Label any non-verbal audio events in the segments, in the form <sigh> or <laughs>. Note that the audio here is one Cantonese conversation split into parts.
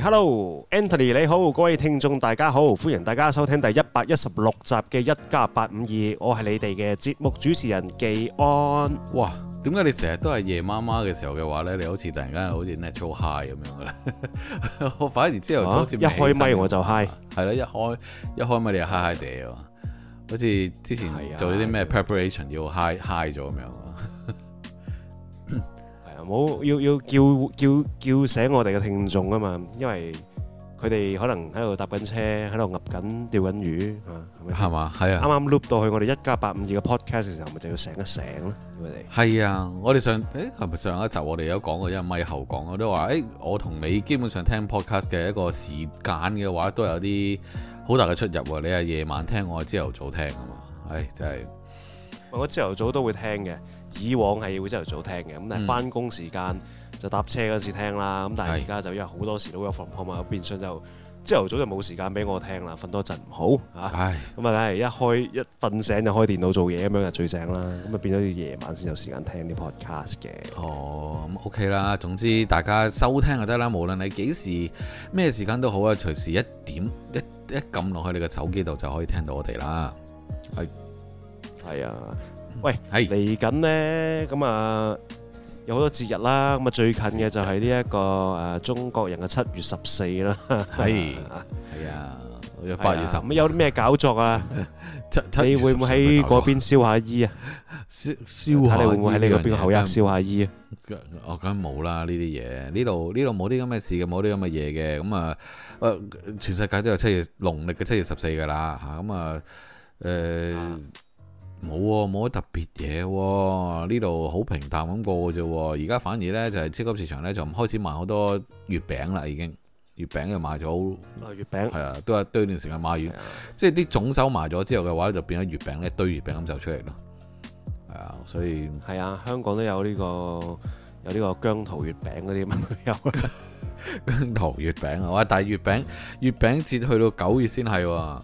Hello Anthony，你好，各位聽眾大家好，歡迎大家收聽第一百一十六集嘅一加八五二，52, 我係你哋嘅節目主持人紀安。哇，點解你成日都係夜媽媽嘅時候嘅話咧，你好似突然間好似 natural high 咁樣嘅咧？ <laughs> 我反而朝頭早、啊、一,一開麥我就嗨，i g 係咯，一開一開麥你就嗨嗨 g 地啊，好似之前做咗啲咩 preparation、啊、要嗨嗨咗咁樣。冇要要叫叫叫醒我哋嘅聽眾啊嘛，因為佢哋可能喺度搭緊車，喺度噏緊釣緊魚，係嘛？係啊，啱啱 loop 到去我哋一家八五二嘅 podcast 嘅時候，咪、啊、就要醒一醒咯，佢哋係啊，我哋上，誒係咪上一集我哋有講過一米後講、欸，我都話，誒我同你基本上聽 podcast 嘅一個時間嘅話，都有啲好大嘅出入喎。你係夜晚聽，我係朝頭早聽啊嘛，唉真係，我朝頭早都會聽嘅。以往係會朝頭早聽嘅，咁但係翻工時間、嗯、就搭車嗰時聽啦。咁但係而家就因為好多時都有 work from home 嘛，變相就朝頭早就冇時間俾我聽啦。瞓多陣唔好嚇，咁啊梗係唉一開一瞓醒就開電腦做嘢咁樣就最正啦。咁啊、嗯、變咗要夜晚先有時間聽啲 podcast 嘅。哦，咁 OK 啦。總之大家收聽就得啦，無論你幾時咩時間都好啊，隨時一點一一撳落去你嘅手機度就可以聽到我哋啦。係係啊。喂，係嚟緊咧，咁啊有好多節日啦，咁啊最近嘅就係呢一個誒、啊、中國人嘅、啊嗯啊、 <laughs> 七,七月十四啦，係係啊，八月十五，咁有啲咩搞作啊？七 <laughs> 你會唔會喺嗰邊燒下衣啊？燒燒下，你會唔會喺你嗰邊口日燒下衣啊？我梗冇啦，呢啲嘢呢度呢度冇啲咁嘅事嘅，冇啲咁嘅嘢嘅，咁啊，全世界都有七月農曆嘅七月十四噶啦吓，咁啊誒。啊啊啊啊啊啊啊冇喎，冇乜特別嘢喎，呢度好平淡咁過嘅啫。而家反而咧就係超級市場咧就開始賣好多月餅啦，已經月餅又賣咗。月餅係餅啊，都係堆段時間賣完。啊、即係啲種收埋咗之後嘅話就變咗月餅咧堆月餅咁就出嚟咯。係啊，所以係啊，香港都有呢、這個有呢個姜桃月餅嗰啲乜有嘅 <laughs> 姜桃月餅啊，哇！但係月餅月餅節去到九月先係喎。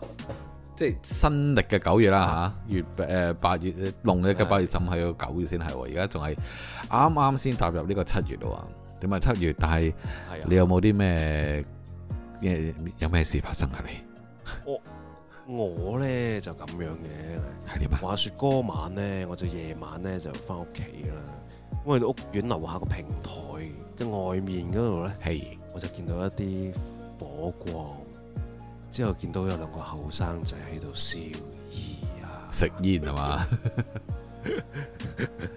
即係新曆嘅九月啦嚇的、啊，月誒、呃、八月農曆嘅嘅八月浸係個九月先係喎，而家仲係啱啱先踏入呢個七月咯喎。點啊七月？但係的你有冇啲咩嘅有咩事發生啊你？我我咧就咁樣嘅，話説嗰晚咧，我就夜晚咧就翻屋企啦，因為屋苑樓下個平台即外面嗰度咧，的我就見到一啲火光。之後見到有兩個後生仔喺度燒衣啊，食煙係嘛？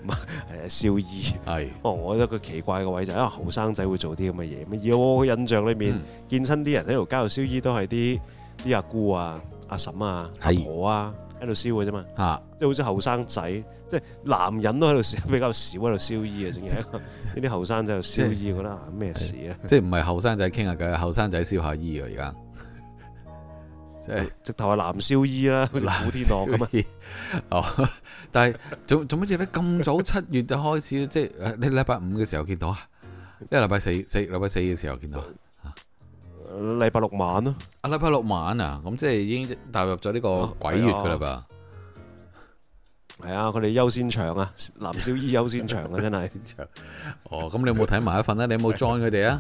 唔係燒衣係。哦，我覺得佢奇怪個位就係因為後生仔會做啲咁嘅嘢。而我印象裏面，見親啲人喺度街度燒衣都係啲啲阿姑啊、阿嬸啊、阿婆啊喺度燒嘅啫嘛。啊，即係好似後生仔，即係男人都喺度燒比較少喺度燒衣啊，仲要係呢啲後生仔又燒衣，覺得咩事啊？即係唔係後生仔傾下偈，後生仔燒下衣啊！而家。即係直頭係藍燒衣啦，藍古天樂咁啊啲哦，但係做做乜嘢咧？咁早七月就開始， <laughs> 即係你禮拜五嘅時候見到，因為候到 <laughs> 啊，一個禮拜四四禮拜四嘅時候見到啊，禮拜六晚咯，啊禮拜六晚啊，咁、啊啊、即係已經踏入咗呢個鬼月噶啦噃，係啊，佢哋優先場啊，藍燒、啊、衣優先場啊，真係 <laughs> 哦。咁你有冇睇埋一份啊？你有冇 join 佢哋啊？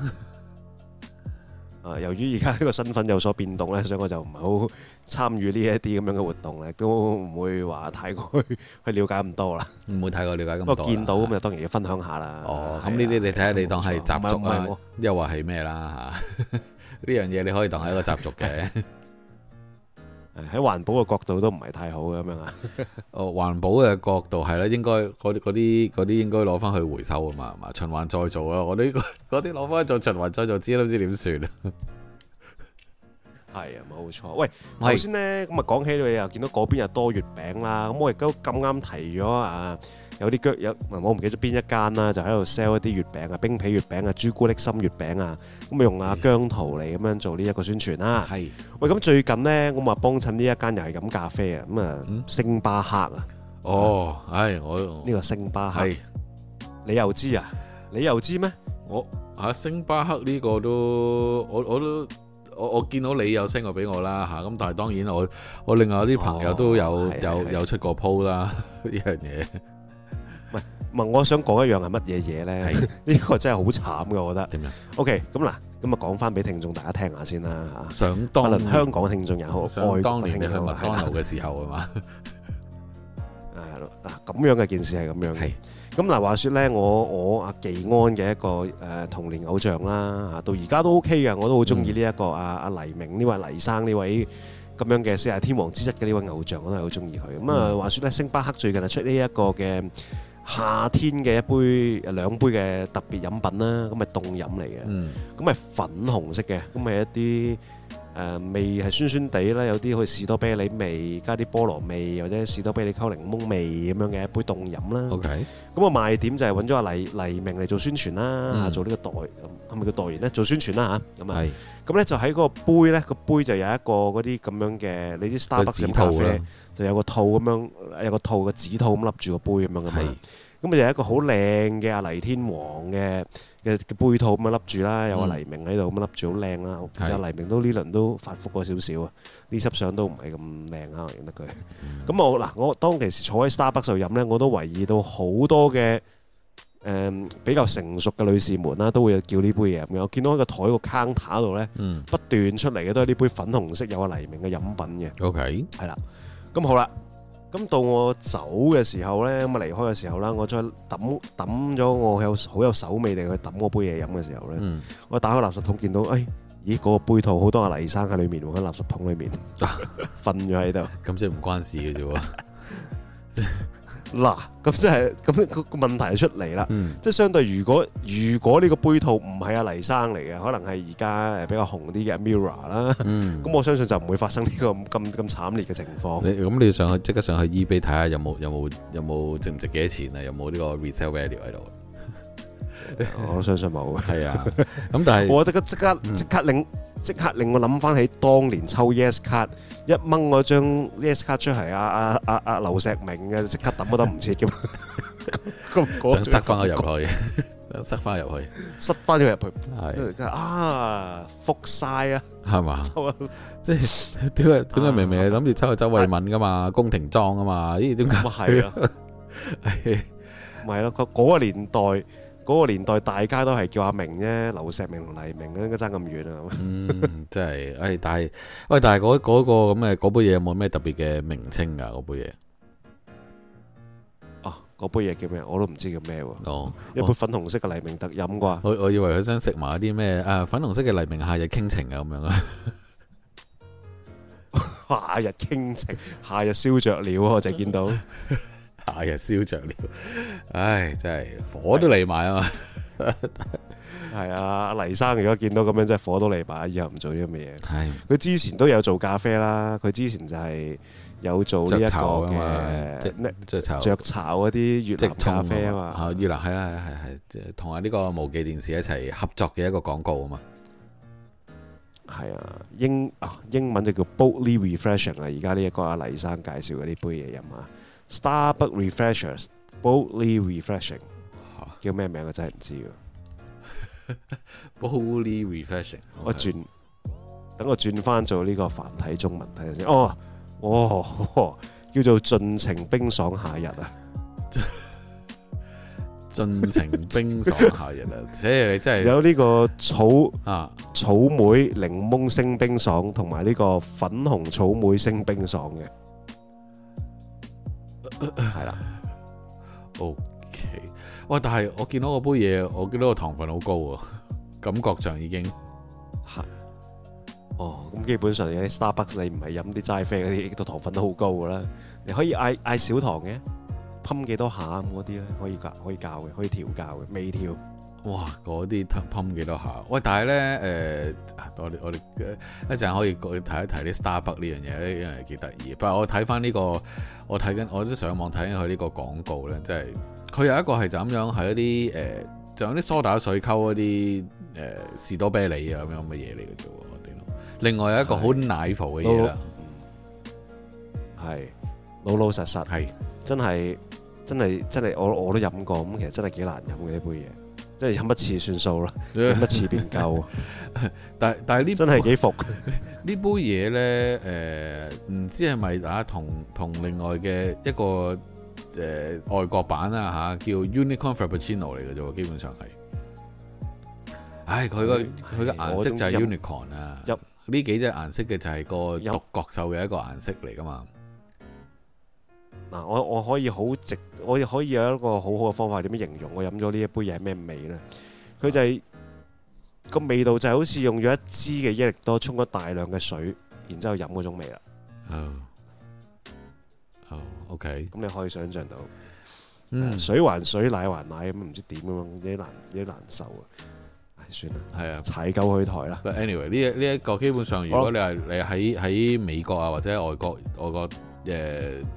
由於而家呢個身份有所變動咧，所以我就唔係好參與呢一啲咁樣嘅活動咧，都唔會話太過去去了解咁多啦，唔會太過了解咁多。不過見到咁就當然要分享下啦。哦，咁呢啲你睇下，你當係習俗啦，又話係咩啦嚇？呢 <laughs> 樣嘢你可以當係一個習俗嘅。 <laughs> 喺環保嘅角度都唔係太好嘅咁樣啊！哦，環保嘅角度係啦，應該嗰啲嗰啲嗰啲應該攞翻去回收啊嘛，係嘛，循環再造啊！我啲嗰啲攞翻去做循環再造，知都唔知點算啊？係啊，冇錯。喂，頭先咧咁啊，講起你又見到嗰邊又多月餅啦，咁我亦都咁啱提咗啊。有啲腳有，我唔記得邊一間啦，就喺度 sell 一啲月餅啊，冰皮月餅啊，朱古力心月餅啊，咁啊用阿姜濤嚟咁樣做呢一個宣傳啦。係喂是，咁最近呢，咁咪幫襯呢一間，又係飲咖啡啊，咁啊，嗯、星巴克啊。哦，係我呢個星巴克，是你又知啊？你又知咩？我嚇星巴克呢個都我我都我我見到你有 send 過俾我啦嚇，咁但係當然我我另外啲朋友都有、哦、有有出過 po 啦呢樣嘢。 <laughs> 唔，我想講一樣係乜嘢嘢咧？呢個真係好慘嘅，我覺得。點樣？OK，咁嗱，咁啊講翻俾聽眾大家聽下先啦。想當香港聽眾人好，想當年嘅麥當勞嘅時候係嘛？啊，嗱，咁樣嘅件事係咁樣。係，咁嗱，話說咧，我我阿紀安嘅一個誒童年偶像啦，啊，到而家都 OK 嘅，我都好中意呢一個阿阿黎明呢位黎生呢位咁樣嘅四大天王之一嘅呢位偶像，我都係好中意佢。咁啊話說咧，星巴克最近啊出呢一個嘅。夏天嘅一杯誒兩杯嘅特別飲品啦，咁咪凍飲嚟嘅，咁咪、嗯、粉紅色嘅，咁咪一啲。誒、呃、味係酸酸地啦，有啲好似士多啤梨味，加啲菠蘿味，或者士多啤梨溝檸檬味咁樣嘅一杯凍飲啦。OK，咁啊賣點就係揾咗阿黎黎明嚟做宣傳啦，嗯、做呢個代，係咪叫代言咧？做宣傳啦嚇，咁啊，咁咧是就喺個杯咧，個杯就有一個嗰啲咁樣嘅，你啲 Starbucks 嘅咖啡，套就有個套咁樣，有個套嘅紙套咁笠住個杯咁樣嘅味。咁啊是就有一個好靚嘅阿黎天王嘅。嘅嘅杯套咁樣笠住啦，有個黎明喺度咁樣笠住，好靚啦。其實黎明都呢輪都發福咗少少啊。呢輯相都唔係咁靚啊，我認得佢。咁我嗱，我當其時坐喺 Starbucks 度飲咧，我都留意到好多嘅誒比較成熟嘅女士們啦，都會叫呢杯嘢咁樣。我見到喺個台個 counter 度咧，不斷出嚟嘅都係呢杯粉紅色有個黎明嘅飲品嘅。OK，係啦。咁好啦。咁到我走嘅時候呢，咁啊離開嘅時候呢，我再揼揼咗我有好有手尾地去揼我杯嘢飲嘅時候呢，嗯、我打開垃圾桶見到，哎，咦，嗰個杯套好多泥沙喺裡面喎，喺垃圾桶裡面瞓咗喺度，咁 <laughs> 即 <laughs> 係唔關事嘅啫喎。 <laughs> <laughs> 嗱，咁即係咁個問題就出嚟啦。嗯、即係相對如，如果如果呢個杯套唔係阿黎生嚟嘅，可能係而家比較紅啲嘅 MIRROR 啦、嗯，咁我相信就唔會發生呢個咁咁咁慘烈嘅情況。咁你，你上去即刻上去 eBay 睇下有冇有冇有冇值唔值幾多錢啊？有冇呢個 resale value 喺度？我相信冇係啊，咁但係我得個即刻即刻令即刻令我諗翻起當年抽 Yes 卡，一掹我張 Yes 卡出嚟，阿阿阿阿劉錫明嘅，即刻抌都抌唔切嘅，想塞翻佢入去，想塞翻入去，塞翻佢入去，係啊，福晒啊，係嘛，即係點解點解明明係諗住抽阿周慧敏噶嘛，宮廷裝啊嘛，呢啲咁啊係啊，唔係咯，嗰個年代。嗰個年代大家都係叫阿明啫，劉錫明同黎明應該差咁遠啊！嗯，真係，哎，但係，喂，但係嗰嗰個咁嘅嗰杯嘢有冇咩特別嘅名稱噶？嗰杯嘢啊，嗰杯嘢叫咩？我都唔知叫咩喎。哦，一杯粉紅色嘅黎明特飲啩？我我以為佢想食埋一啲咩啊？粉紅色嘅黎明夏日傾情啊，咁樣啊！夏日傾情，夏日燒着了，我淨係見到。係又燒着了，唉，真係火都嚟埋啊嘛！係的 <laughs> 啊，黎生如果見到咁樣，真係火都嚟埋，以後唔做啲咁嘅嘢。係佢唉之前都有做咖啡啦，佢之前就係有做呢一個嘅雀巢嗰啲越南咖啡啊嘛。啊，越南係啊，係係係，即係同埋呢個無記電視一齊合作嘅一個廣告啊嘛。係啊，英啊英文就叫 boldly refreshing 啊！而家呢一個阿黎生介紹嘅呢杯嘢飲啊。Starbucks refreshers boldly refreshing 叫咩名啊？我真係唔知喎。Boldly refreshing，我轉，等我轉翻做呢個繁體中文睇下先。哦，哦，叫做盡情冰爽夏日啊！盡情冰爽夏日啊！即係你真係有呢個草啊，草莓檸檬星冰爽同埋呢個粉紅草莓星冰爽嘅。係啦，OK，喂，但係我見到個杯嘢，我見到個糖分好高啊，感覺上已經係，哦，咁基本上有啲 Starbucks 你唔係飲啲齋啡嗰啲，個糖分都好高噶啦，你可以嗌嗌少糖嘅，噴幾多下嗰啲咧，可以教可以教嘅，可以調教嘅，微調。哇！嗰啲吞吞幾多下？喂！但係咧，誒、呃，我哋我哋一陣可以去睇一睇啲 Starbucks 呢樣嘢，一樣係幾得意。不過我睇翻呢個，我睇緊，我都上網睇緊佢呢個廣告咧，即係佢有一個係就咁樣係一啲誒，就係啲梳打水溝一啲誒、呃、士多啤梨啊咁樣嘅嘢嚟嘅啫喎，我哋另外有一個好奶浮嘅嘢啦，係、嗯、老老實實係是真係真係真係我我都飲過，咁其實真係幾難飲嘅一杯嘢。即係飲一次算數啦，飲一次便夠。 <laughs> 但但係 <laughs> 呢，真係幾服呢杯嘢咧？誒，唔知係咪啊？同同另外嘅一個誒、呃、外國版啊？嚇，叫 Unicorn Frappuccino 嚟嘅啫喎，基本上係。唉，佢個佢個顏色就係 unicorn 啊，呢幾隻顏色嘅就係個獨角獸嘅一個顏色嚟噶嘛。入嗱，我我可以好直，我可以有一個好好嘅方法點樣形容我飲咗呢一杯嘢係咩味呢？佢就係、是、個、啊、味道就係好似用咗一支嘅益力多沖咗大量嘅水，然之後飲嗰種味啦。OK 咁你可以想像到，水還水，奶還奶咁，唔知點咁樣，有啲難，難受、哎、啊！唉，算啦、anyway, 這個，係啊，踩夠開台啦。But anyway，呢一呢一個基本上，吧如果你係你喺喺美國啊，或者外國外國。外國誒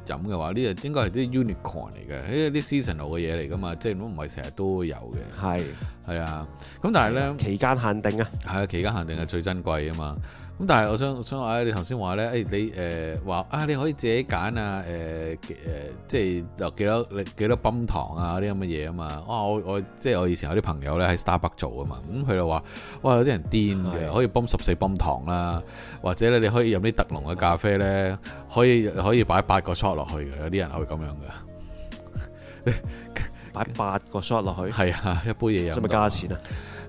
飲嘅話，呢個應該係啲 unicorn 嚟嘅，呢啲 seasonal 嘅嘢嚟㗎嘛，即係都唔係成日都有嘅。係係啊，咁但係咧，期間限定啊，係啊，期間限定係最珍貴啊嘛。咁、嗯、但係我想想話、哎、你頭先話咧，誒、哎、你誒話、呃、啊，你可以自己揀、呃呃、啊，誒誒、哦，即係又幾多你幾多泵糖啊啲咁嘅嘢啊嘛，啊我我即係我以前有啲朋友咧喺 Starbucks 做啊嘛，咁佢就話哇有啲人癲嘅，可以泵十四泵糖啦，的或者咧你可以飲啲特濃嘅咖啡咧，可以可以擺八個 shot 落去嘅，有啲人係會咁樣嘅，擺 <laughs> 八個 shot 落去，係啊，一杯嘢飲，使唔使加錢啊？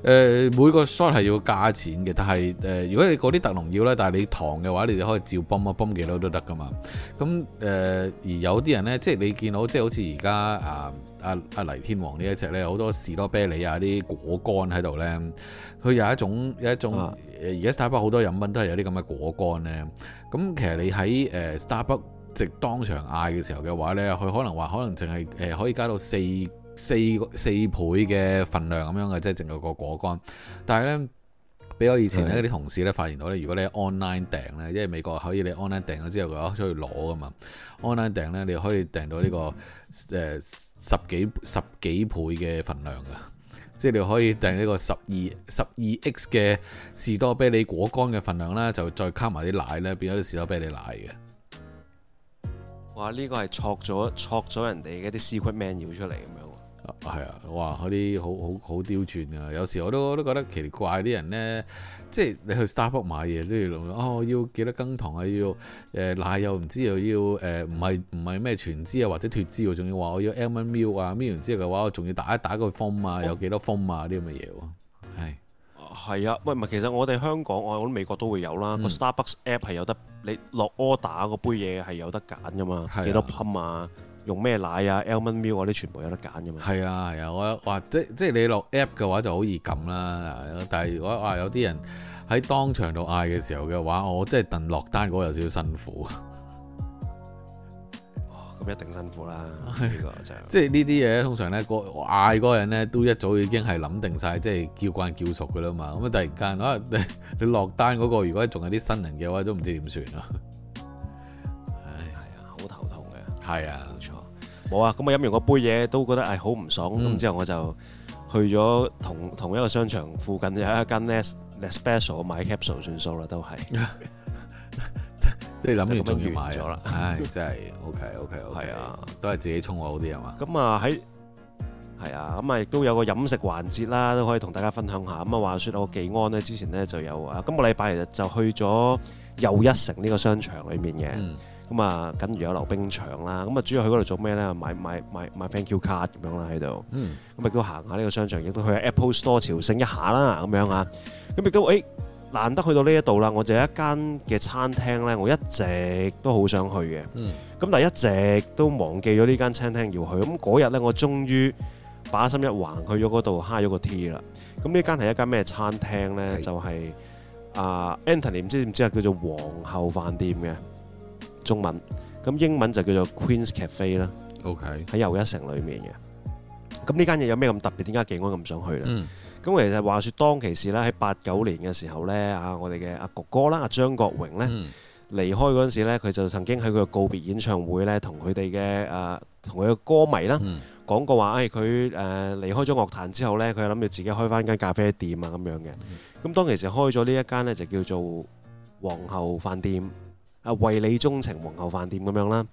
誒每個 shot 係要加錢嘅，但係誒、呃、如果你嗰啲特濃要咧，但係你糖嘅話，你就可以照泵啊，泵幾多都得噶嘛。咁誒、呃、而有啲人咧，即係你見到即係好似而家啊啊啊黎天王呢一隻咧，好多士多啤梨啊啲果乾喺度咧，佢有一種有一種而家、嗯、Starbucks 好多飲品都係有啲咁嘅果乾咧。咁其實你喺誒、呃、Starbucks 直當場嗌嘅時候嘅話咧，佢可能話可能淨係誒可以加到四。四個四倍嘅份量咁樣嘅，即係淨係個果乾。但係呢，俾我以前呢啲同事呢發現到呢，的如果你 online 訂呢，因為美國可以你 online 訂咗之後，佢可以出去攞噶嘛。online 訂呢，你可以訂到呢、這個誒、呃、十幾十幾倍嘅份量噶，即 <laughs> 係你可以訂呢個十二十二 x 嘅士多啤梨果乾嘅份量呢，就再加埋啲奶呢，變咗啲士多啤梨奶嘅。哇！呢、這個係戳咗戳咗人哋嘅啲 secret menu 要出嚟咁樣。係啊， <music> 哇！嗰啲好好好刁鑽啊，有時我都都覺得奇怪啲人呢，即係你去 Starbucks 買嘢都要諗，哦要幾多羹糖啊，要誒奶又唔知又要誒唔係唔係咩全脂啊或者脫脂啊，仲要話我要 almond milk 啊，搣完之後嘅話我仲要打一打個 foam 啊，嗯、有幾多 foam 啊啲咁嘅嘢喎。係係啊，喂唔係，其實我哋香港我覺得美國都會有啦，個 Starbucks app 係有得你落 order 嗰杯嘢係有得揀噶嘛，幾、嗯、多 pump 啊？ <music> 用咩奶啊？Element Milk 啲全部有得揀嘅嘛。係啊係啊，我話即即係你落 app 嘅話就好易撳啦。但係如果話有啲人喺當場度嗌嘅時候嘅話，我即係等落單嗰個有少少辛苦。咁一定辛苦啦。係啊，就即係呢啲嘢通常咧嗌嗰人咧都一早已經係諗定晒，即係叫慣叫熟嘅啦嘛。咁啊，突然間你落單嗰個如果仲有啲新人嘅話，都唔知點算咯。唉，係啊，好頭痛嘅。係啊。冇啊！咁我飲完個杯嘢都覺得係好唔爽，咁、嗯、之後我就去咗同同一個商場附近有一間 Nespresso 買 capsule 算數啦，都係即係諗住仲要買咗啦！唉、哎，真係 OK OK OK <laughs> 啊，都係自己沖好啲啊嘛。咁啊喺係啊，咁啊亦、嗯、都有個飲食環節啦，都可以同大家分享下。咁啊話說我記安呢？之前呢就有啊，今個禮拜其實就去咗又一城呢個商場裏面嘅。嗯咁啊，跟住有溜冰場啦。咁啊，主要去嗰度做咩咧？買買買買 Thank You Card，咁樣啦，喺度、嗯。咁亦都行下呢個商場，亦都去 Apple Store 朝聖一下啦。咁樣啊。咁亦都，誒、欸，難得去到呢一度啦。我就有一間嘅餐廳咧，我一直都好想去嘅。咁、嗯、但係一直都忘記咗呢間餐廳要去。咁嗰日咧，我終於把心一橫去，去咗嗰度，high 咗個 tea 啦。咁呢間係一間咩餐廳咧？是就係、是、阿、uh, Anthony 唔知唔知啊，叫做皇后飯店嘅。中文咁英文就叫做 Queen's Cafe 啦，OK 喺又一城裏面嘅。咁呢間嘢有咩咁特別？點解景安咁想去咧？咁、嗯、其實話説當其時咧，喺八九年嘅時候呢，啊我哋嘅阿哥哥啦，阿張國榮呢，嗯、離開嗰陣時咧，佢就曾經喺佢嘅告別演唱會呢，同佢哋嘅誒同佢嘅歌迷啦、嗯、講過話，誒佢誒離開咗樂壇之後呢，佢諗住自己開翻間咖啡店啊咁樣嘅。咁當其時開咗呢一間呢，就叫做皇后飯店。啊！為你鍾情皇后飯店咁樣啦，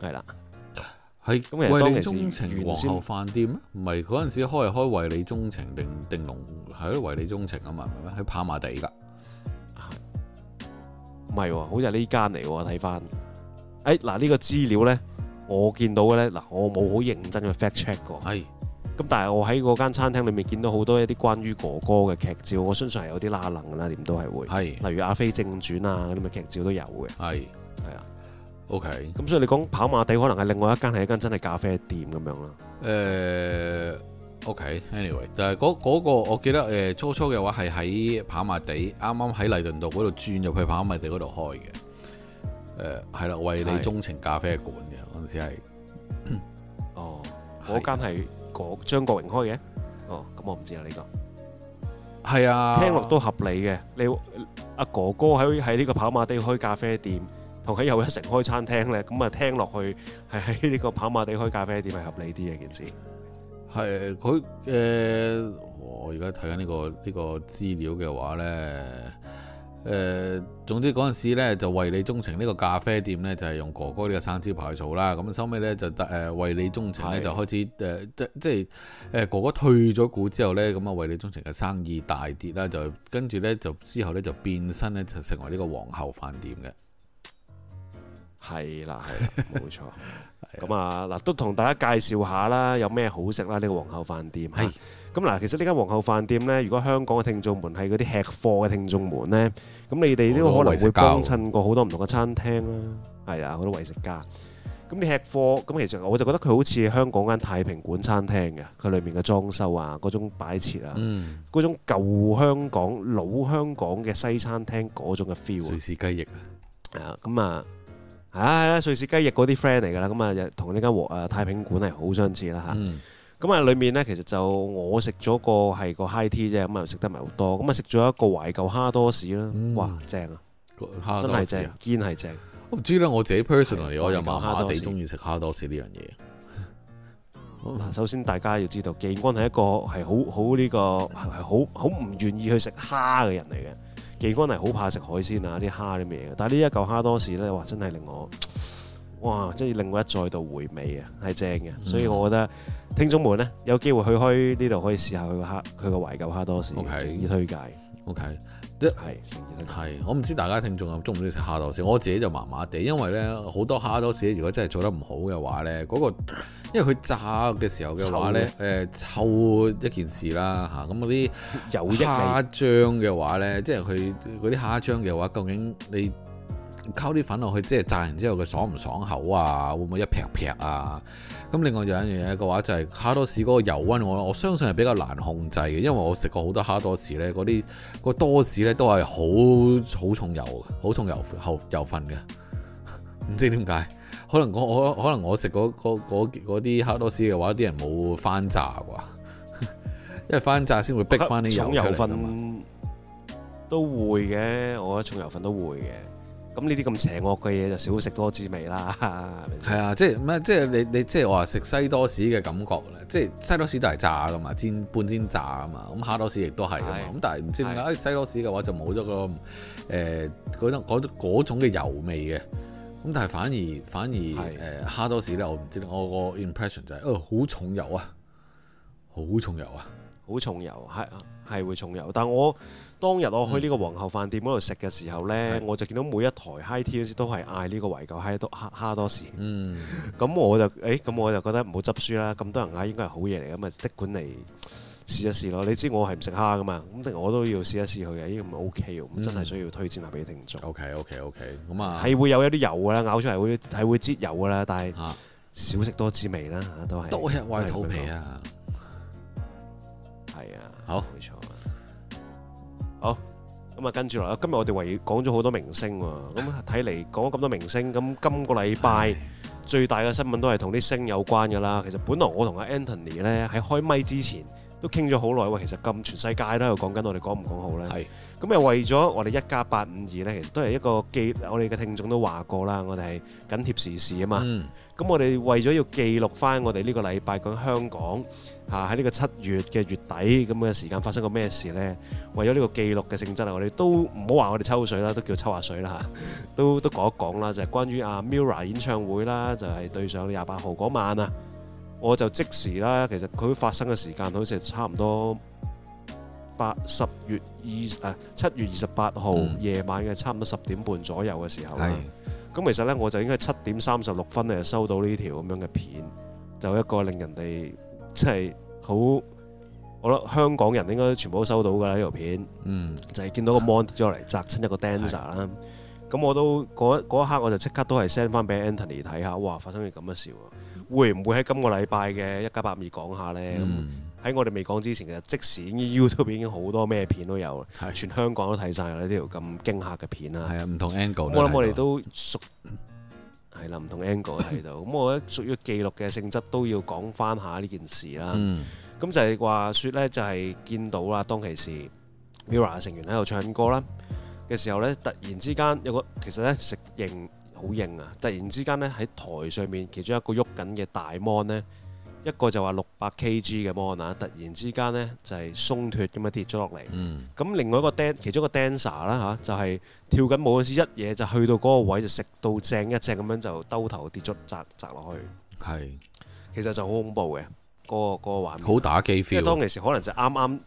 係啦，係。為你鍾情皇后飯店？唔係嗰陣時開係開為你鍾情定定龍，係為你鍾情啊嘛，係咪咩？喺跑馬地噶，唔係、哦，好似係、哎這個、呢間嚟，睇翻。誒，嗱呢個資料咧，我見到嘅咧，嗱我冇好認真去 fact check 過。哎咁但係我喺嗰間餐廳裏面見到好多一啲關於哥哥嘅劇照，我相信係有啲拉能嘅啦，點都係會。係。例如《阿飛正傳》啊，啲咁嘅劇照都有嘅。係。係啊。O K。咁所以你講跑馬地可能係另外一間係一間真係咖啡店咁樣啦。誒。O K。Anyway，就係嗰個我記得誒初初嘅話係喺跑馬地，啱啱喺禮頓道嗰度轉入去跑馬地嗰度開嘅。誒，係啦，為你鍾情咖啡館嘅嗰陣時係。哦。嗰間係。我張國榮開嘅，哦，咁我唔知啦呢、呢個。係啊，聽落都合理嘅。你阿哥哥喺喺呢個跑馬地開咖啡店，同喺又一城開餐廳咧，咁啊聽落去係喺呢個跑馬地開咖啡店係合理啲嘅件事。係、啊，佢誒、呃，我而家睇緊呢個呢、呢個資料嘅話咧。誒、呃，總之嗰陣時咧就為你鍾情呢個咖啡店咧就係、是、用哥哥去、嗯、呢個生招牌做啦，咁收尾咧就誒為你鍾情咧就開始誒、呃、即即係誒哥哥退咗股之後咧，咁啊為你鍾情嘅生意大跌啦，就跟住咧就之後咧就變身咧就成為呢個皇后飯店嘅，係啦係啦，冇錯，咁 <laughs> 的啊嗱都同大家介紹下啦，有咩好食啦呢個皇后飯店係。咁嗱，其實呢間皇后飯店呢，如果香港嘅聽眾們係嗰啲吃貨嘅聽眾們呢，咁你哋都可能會幫襯過好多唔同嘅餐廳啦，係啊，好多美食家。咁你吃貨，咁其實我就覺得佢好似香港間太平館餐廳嘅，佢裏面嘅裝修啊，嗰種擺設啊，嗰、嗯、種舊香港老香港嘅西餐廳嗰種嘅 feel、啊啊啊啊啊。瑞士雞翼啊，咁啊，係啦，瑞士雞翼嗰啲 friend 嚟㗎啦，咁啊，同呢間和太平館係好相似啦嚇。啊嗯咁啊，裏面咧，其實就我食咗個係個 high tea 啫，咁啊食得唔係好多。咁啊，食咗一個懷舊蝦多士啦，嗯、哇，正啊，真係正，堅係正。我唔知咧，我自己 personally 我又麻麻地中意食蝦多士呢樣嘢。好啦，首先大家要知道，技安係一個係好好呢個係係好好唔願意去食蝦嘅人嚟嘅。技安係好怕食海鮮啊，啲蝦啲咩嘅。但係呢一嚿蝦多士咧，哇，真係令我～哇！即係令我一再度回味啊，係正嘅，嗯、所以我覺得聽眾們呢，有機會去開呢度可以試下佢個蝦佢個懷舊蝦多士嘅，值得 Okay. 推介。OK，一 D 係我唔知大家聽眾中唔中意食蝦多士？我自己就麻麻地，因為呢，好多蝦多士如果真係做得唔好嘅話呢嗰、那個因為佢炸嘅時候嘅話呢誒臭，的、呃、臭一件事啦嚇，咁嗰啲有蝦醬嘅話呢即係佢嗰啲蝦醬嘅話，究竟你？溝啲粉落去，即係炸完之後，佢爽唔爽口啊？會唔會一劈劈啊？咁另外有一樣嘢嘅話，就係，就係蝦多士嗰個油溫，我我相信係比較難控制嘅，因為我食過好多蝦多士咧，嗰啲個多士咧都係好好重油、好重油好油份嘅。唔 <laughs> 知點解，可能我我可能我食嗰啲蝦多士嘅話，啲人冇翻炸啩？因 <laughs> 為翻炸先會逼翻啲油份。都會嘅，我覺得重油份都會嘅。咁呢啲咁邪惡嘅嘢就少食多滋味啦。係 <laughs> 啊，即係咩？即係你你即係我話食西多士嘅感覺，即係西多士都係炸噶嘛，煎半煎炸啊嘛。咁蝦多士亦都係啊嘛。咁是但係唔知點解是西多士嘅話就冇咗、嗰個誒嗰、呃、種嘅油味嘅。咁但係反而反而誒是、呃、蝦多士咧，我唔知道我個 impression 就係哦好重油啊，好重油啊，好重油係啊係會重油，但我。當日我去呢個皇后飯店嗰度食嘅時候呢，是的 我就見到每一台 high tea 都係嗌呢個懷舊蝦，蝦多蝦蝦多士。嗯，咁 <laughs> 我就誒，咁、欸、我就覺得唔好執輸啦。咁多人嗌應該係好嘢嚟，噶嘛。即管嚟試一試咯。你知我係唔食蝦噶嘛，咁我都要試一試佢，應該唔 OK 喎、啊。咁、嗯、真係需要推薦下俾聽眾。OK OK OK，咁啊，係會有一啲油啦，咬出嚟會係會擠油噶啦，但係少食多滋味啦，都多食壞肚皮啊。係啊，好。 <laughs> 好，咁啊跟住落啦。今日我哋圍講咗好多明星喎，咁睇嚟講咗咁多明星，咁今個禮拜最大嘅新聞都係同啲星有關噶啦。其實本來我同阿 Anthony 咧喺開麥之前都傾咗好耐喎。其實咁全世界都喺度講緊，我哋講唔講好咧？係。咁又為咗我哋一家八五二咧，其實都係一個記，我哋嘅聽眾都話過啦，我哋係緊貼時事啊嘛。咁我哋為咗要記錄翻我哋呢個禮拜講香港。喺呢個七月嘅月底咁嘅時間發生過咩事呢？為咗呢個記錄嘅性質啊，我哋都唔好話我哋抽水啦，都叫抽下水啦 <laughs> 都都講一講啦，就係、是、關於阿 Mira 演唱會啦，就係、是、對上廿八號嗰晚啊，我就即時啦。其實佢發生嘅時間好似係差唔多八十月二誒七月二十八號夜晚嘅差唔多十點半左右嘅時候啦。咁、嗯、其實呢，我就應該七點三十六分誒收到呢條咁樣嘅片，就一個令人哋。即係好，我覺得香港人應該全部都收到㗎啦呢條片。嗯，就係見到個 mon 跌咗嚟，砸親一個 dancer 啦。咁是的 我都嗰一,一刻我就即刻都係 send 翻俾 Anthony 睇下。哇！發生咗咁嘅事喎，會唔會喺今個禮拜嘅一加八二講下呢？喺、嗯嗯、我哋未講之前嘅，即使 YouTube 已經好多咩片都有是的 全香港都睇晒啦，呢條咁驚嚇嘅片啦。係啊，唔同 Angle，我諗我哋都熟。 <laughs> 係啦，唔同 Angle 喺度，咁我覺得屬於記錄嘅性質都要講翻下呢件事啦。咁就係話說呢，就係見到啦，當其時 Mirror 嘅成員喺度唱歌啦嘅時候呢，突然之間有個其實呢食硬好硬啊！突然之間呢喺台上面，其中一個喐緊嘅大 Mon 呢。一個就話六百 kg 嘅 mon 突然之間呢就係鬆脱咁樣跌咗落嚟。咁、嗯、另外一個 dancer 其中一個 dancer 啦嚇，就係跳緊舞嗰時一嘢就去到嗰個位就食到正一正咁樣就兜頭跌咗砸砸落去。係是，其實就好恐怖嘅，嗰、嗰個歌環。那個、好打機 feel，因為當其時可能就啱啱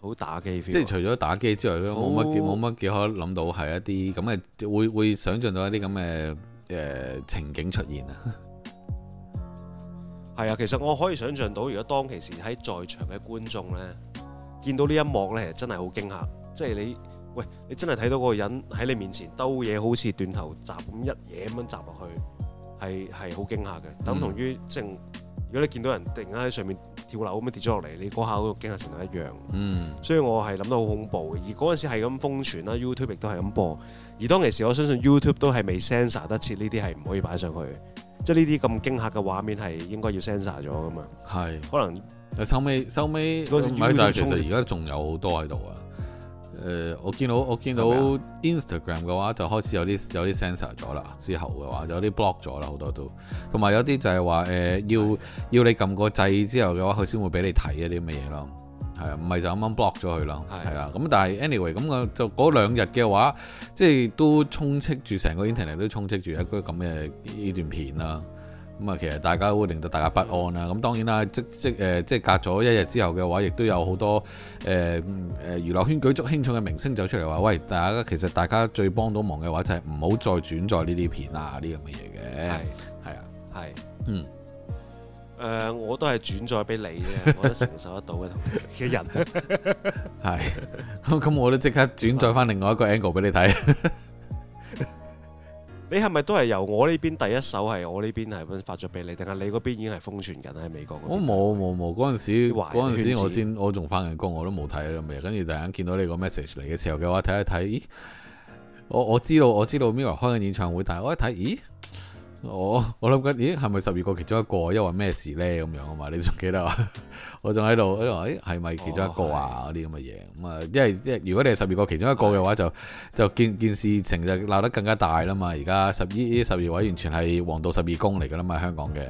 好打機，即係除咗打機之外咧，冇乜冇乜幾可諗到係一啲咁嘅會會想像到一啲咁嘅誒情景出現啊。係啊，其實我可以想象到，如果當其時喺在，在場嘅觀眾咧，見到呢一幕咧，真係好驚嚇。即係你，喂，你真係睇到個人喺你面前兜嘢，好似斷頭閘咁一嘢咁樣閘落去，係係好驚嚇嘅。等同於、嗯、即係，如果你見到人突然間喺上面跳樓咁跌咗落嚟，你嗰下嗰個驚嚇程度一樣。嗯。所以我係諗到好恐怖嘅，而嗰陣時係咁瘋傳啦，YouTube 亦都係咁播。而當其時，我相信 YouTube 都係未 censor 得切呢啲係唔可以擺上去。即係呢啲咁驚嚇嘅畫面係應該要 censor 咗㗎嘛？係是，可能收尾收尾嗰時，但係其實而家仲有好多喺度啊！誒、呃，我見到我見到 Instagram 嘅話，就開始有啲有啲 censor 咗啦。之後嘅話有啲 block 咗啦，好多都，同埋有啲就係話誒要要你撳個掣之後嘅話，佢先會俾你睇一啲咁嘅嘢咯。係啊，唔係就咁樣 block 咗佢咯，係啊的，咁但係 anyway 咁嘅，就嗰兩日嘅話，即係都充斥住成個 internet 都充斥住一個咁嘅呢段片啦。咁啊，其實大家會令到大家不安啦。咁的當然啦，即即誒，即係隔咗一日之後嘅話，亦都有好多誒誒、呃、娛樂圈舉足輕重嘅明星走出嚟話：喂，大家其實大家最幫到忙嘅話，就係唔好再轉載呢啲片啊，呢樣嘅嘢嘅。係，係啊，係，嗯。誒、呃，我都係轉載俾你嘅，我都承受得到嘅同嘅人。係咁，我都即刻轉載翻另外一個 angle 俾你睇。你係咪都係由我呢邊第一手係我呢邊係發咗俾你？定係你嗰邊已經係封存緊喺美國？我冇冇冇，嗰陣時嗰陣時我先我仲翻緊工，我都冇睇啦。跟住突然間見到你個 message 嚟嘅時候嘅話，睇一睇，我我知道我知道，道 Mirror 開緊演唱會，但係我一睇，咦？我我諗緊，咦，係咪十二個其中一個？因為咩事呢？咁樣啊嘛？你仲記得嘛？我仲喺度，因為誒，係咪其中一個啊？嗰啲咁嘅嘢，咁啊，因為如果你係十二個其中一個嘅話，的就就件件事情就鬧得更加大啦嘛。而家十二十二位完全係黃道十二宮嚟㗎啦嘛，香港嘅。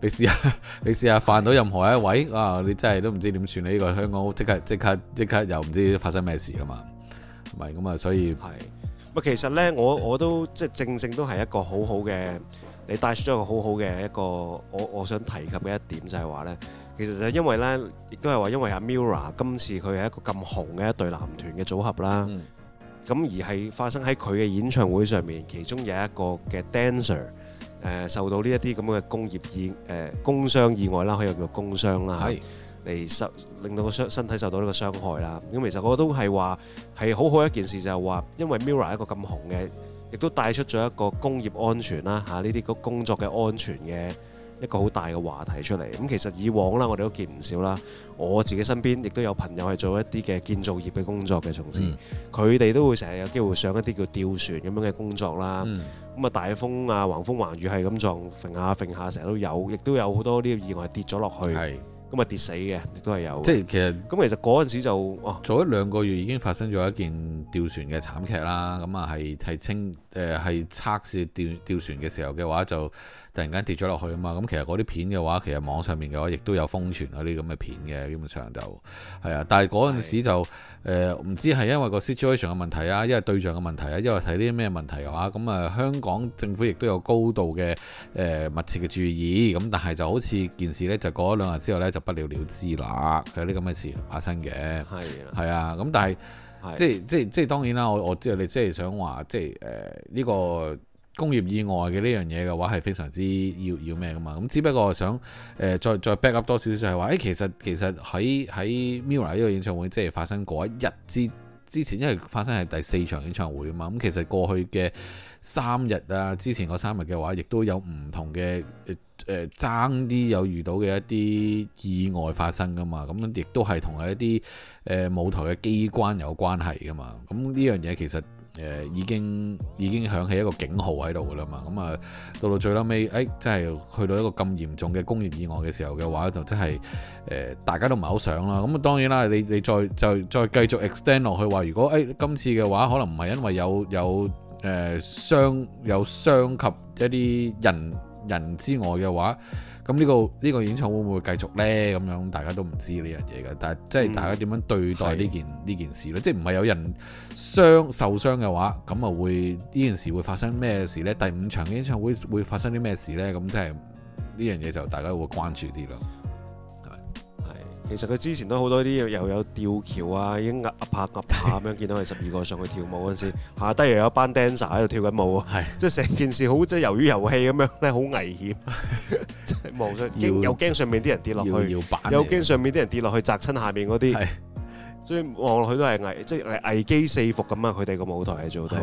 你試下，你試下犯到任何一位啊，你真係都唔知點算。呢個香港即刻即刻即刻又唔知發生咩事啦嘛，唔係咁啊，所以。所以唔，其實咧，我我都即係正正都係一個好好嘅，你帶出咗一個好好嘅一個我我想提及嘅一點就係話咧，其實就係因為咧，亦都係話因為阿 Mira 今次佢係一個咁紅嘅一隊男團嘅組合啦，咁、嗯、而係發生喺佢嘅演唱會上面，其中有一個嘅 dancer 誒、呃、受到呢一啲咁嘅工業意誒、呃、工傷意外啦，可以叫做工傷啦嚇。嚟受令到個身體受到呢個傷害啦。咁其實我都係話係好好一件事就，就係話因為 Mirror 一個咁紅嘅，亦都帶出咗一個工業安全啦嚇呢啲個工作嘅安全嘅一個好大嘅話題出嚟。咁、嗯、其實以往啦，我哋都見唔少啦。我自己身邊亦都有朋友係做一啲嘅建造業嘅工作嘅從事，佢哋、嗯、都會成日有機會上一啲叫吊船咁樣嘅工作啦。咁啊、嗯、大風啊，橫風橫雨係咁撞揈下揈下，成日都有，亦都有好多呢啲意外跌咗落去。咁啊跌死嘅，亦都係有。即係其實咁其實嗰陣時候就，哦，早一兩個月已經發生咗一件吊船嘅慘劇啦。咁啊，係係清。誒係測試吊吊船嘅時候嘅話，就突然間跌咗落去啊嘛！咁、嗯、其實嗰啲片嘅話，其實網上面嘅話，亦都有封存。嗰啲咁嘅片嘅，基本上就係啊！但係嗰陣時就誒唔、呃、知係因為個 situation 嘅問題啊，因為對象嘅問題啊，因為睇啲咩問題啊咁啊、嗯！香港政府亦都有高度嘅誒、呃、密切嘅注意，咁但係就好似件事呢，就過咗兩日之後呢，就不了了之啦，有啲咁嘅事發生嘅，係啊，係啊，咁、嗯、但係。即係即係即係當然啦，我我知道你即係想話即係誒呢個工業意外嘅呢樣嘢嘅話係非常之要要命㗎嘛，咁只不過想誒、呃、再再 back up 多少少係話誒其實其實喺喺 Mirror 呢個演唱會即係發生嗰一日之之前因為發生係第四場演唱會啊嘛，咁其實過去嘅三日啊，之前嗰三日嘅話，亦都有唔同嘅誒誒爭啲有遇到嘅一啲意外發生噶嘛，咁亦都係同一啲誒、呃、舞台嘅機關有關係噶嘛，咁、嗯、呢樣嘢其實。誒已經已經響起一個警號喺度嘅啦嘛，咁啊到到最後尾，誒、哎、真係去到一個咁嚴重嘅工業意外嘅時候嘅話，就真係誒、呃、大家都唔係好想啦。咁、嗯、啊當然啦，你你再再再繼續 extend 落去、哎、話，如果誒今次嘅話可能唔係因為有有誒傷、呃、有傷及一啲人人之外嘅話。咁呢、這個呢、這個演唱會唔會繼續呢？咁樣大家都唔知呢樣嘢嘅，但係即係大家點樣對待呢件呢、嗯、件事咧？即係唔係有人傷受傷嘅話，咁啊會呢件事會發生咩事呢？第五場演唱會會,會發生啲咩事呢？咁即係呢樣嘢就大家會關注啲咯。其實佢之前都好多啲又有吊橋啊，已經壓壓下壓下咁樣，見到佢十二個上去跳舞嗰陣時，下低又有一班 dancer 喺度跳緊舞啊，是的 即係成件事好即係遊於遊戲咁樣咧，好危險，望又驚上面啲人跌落去，又驚上面啲人跌落去砸親下面嗰啲。所以望落去都係危，即係危機四伏咁啊！佢哋個舞台係做到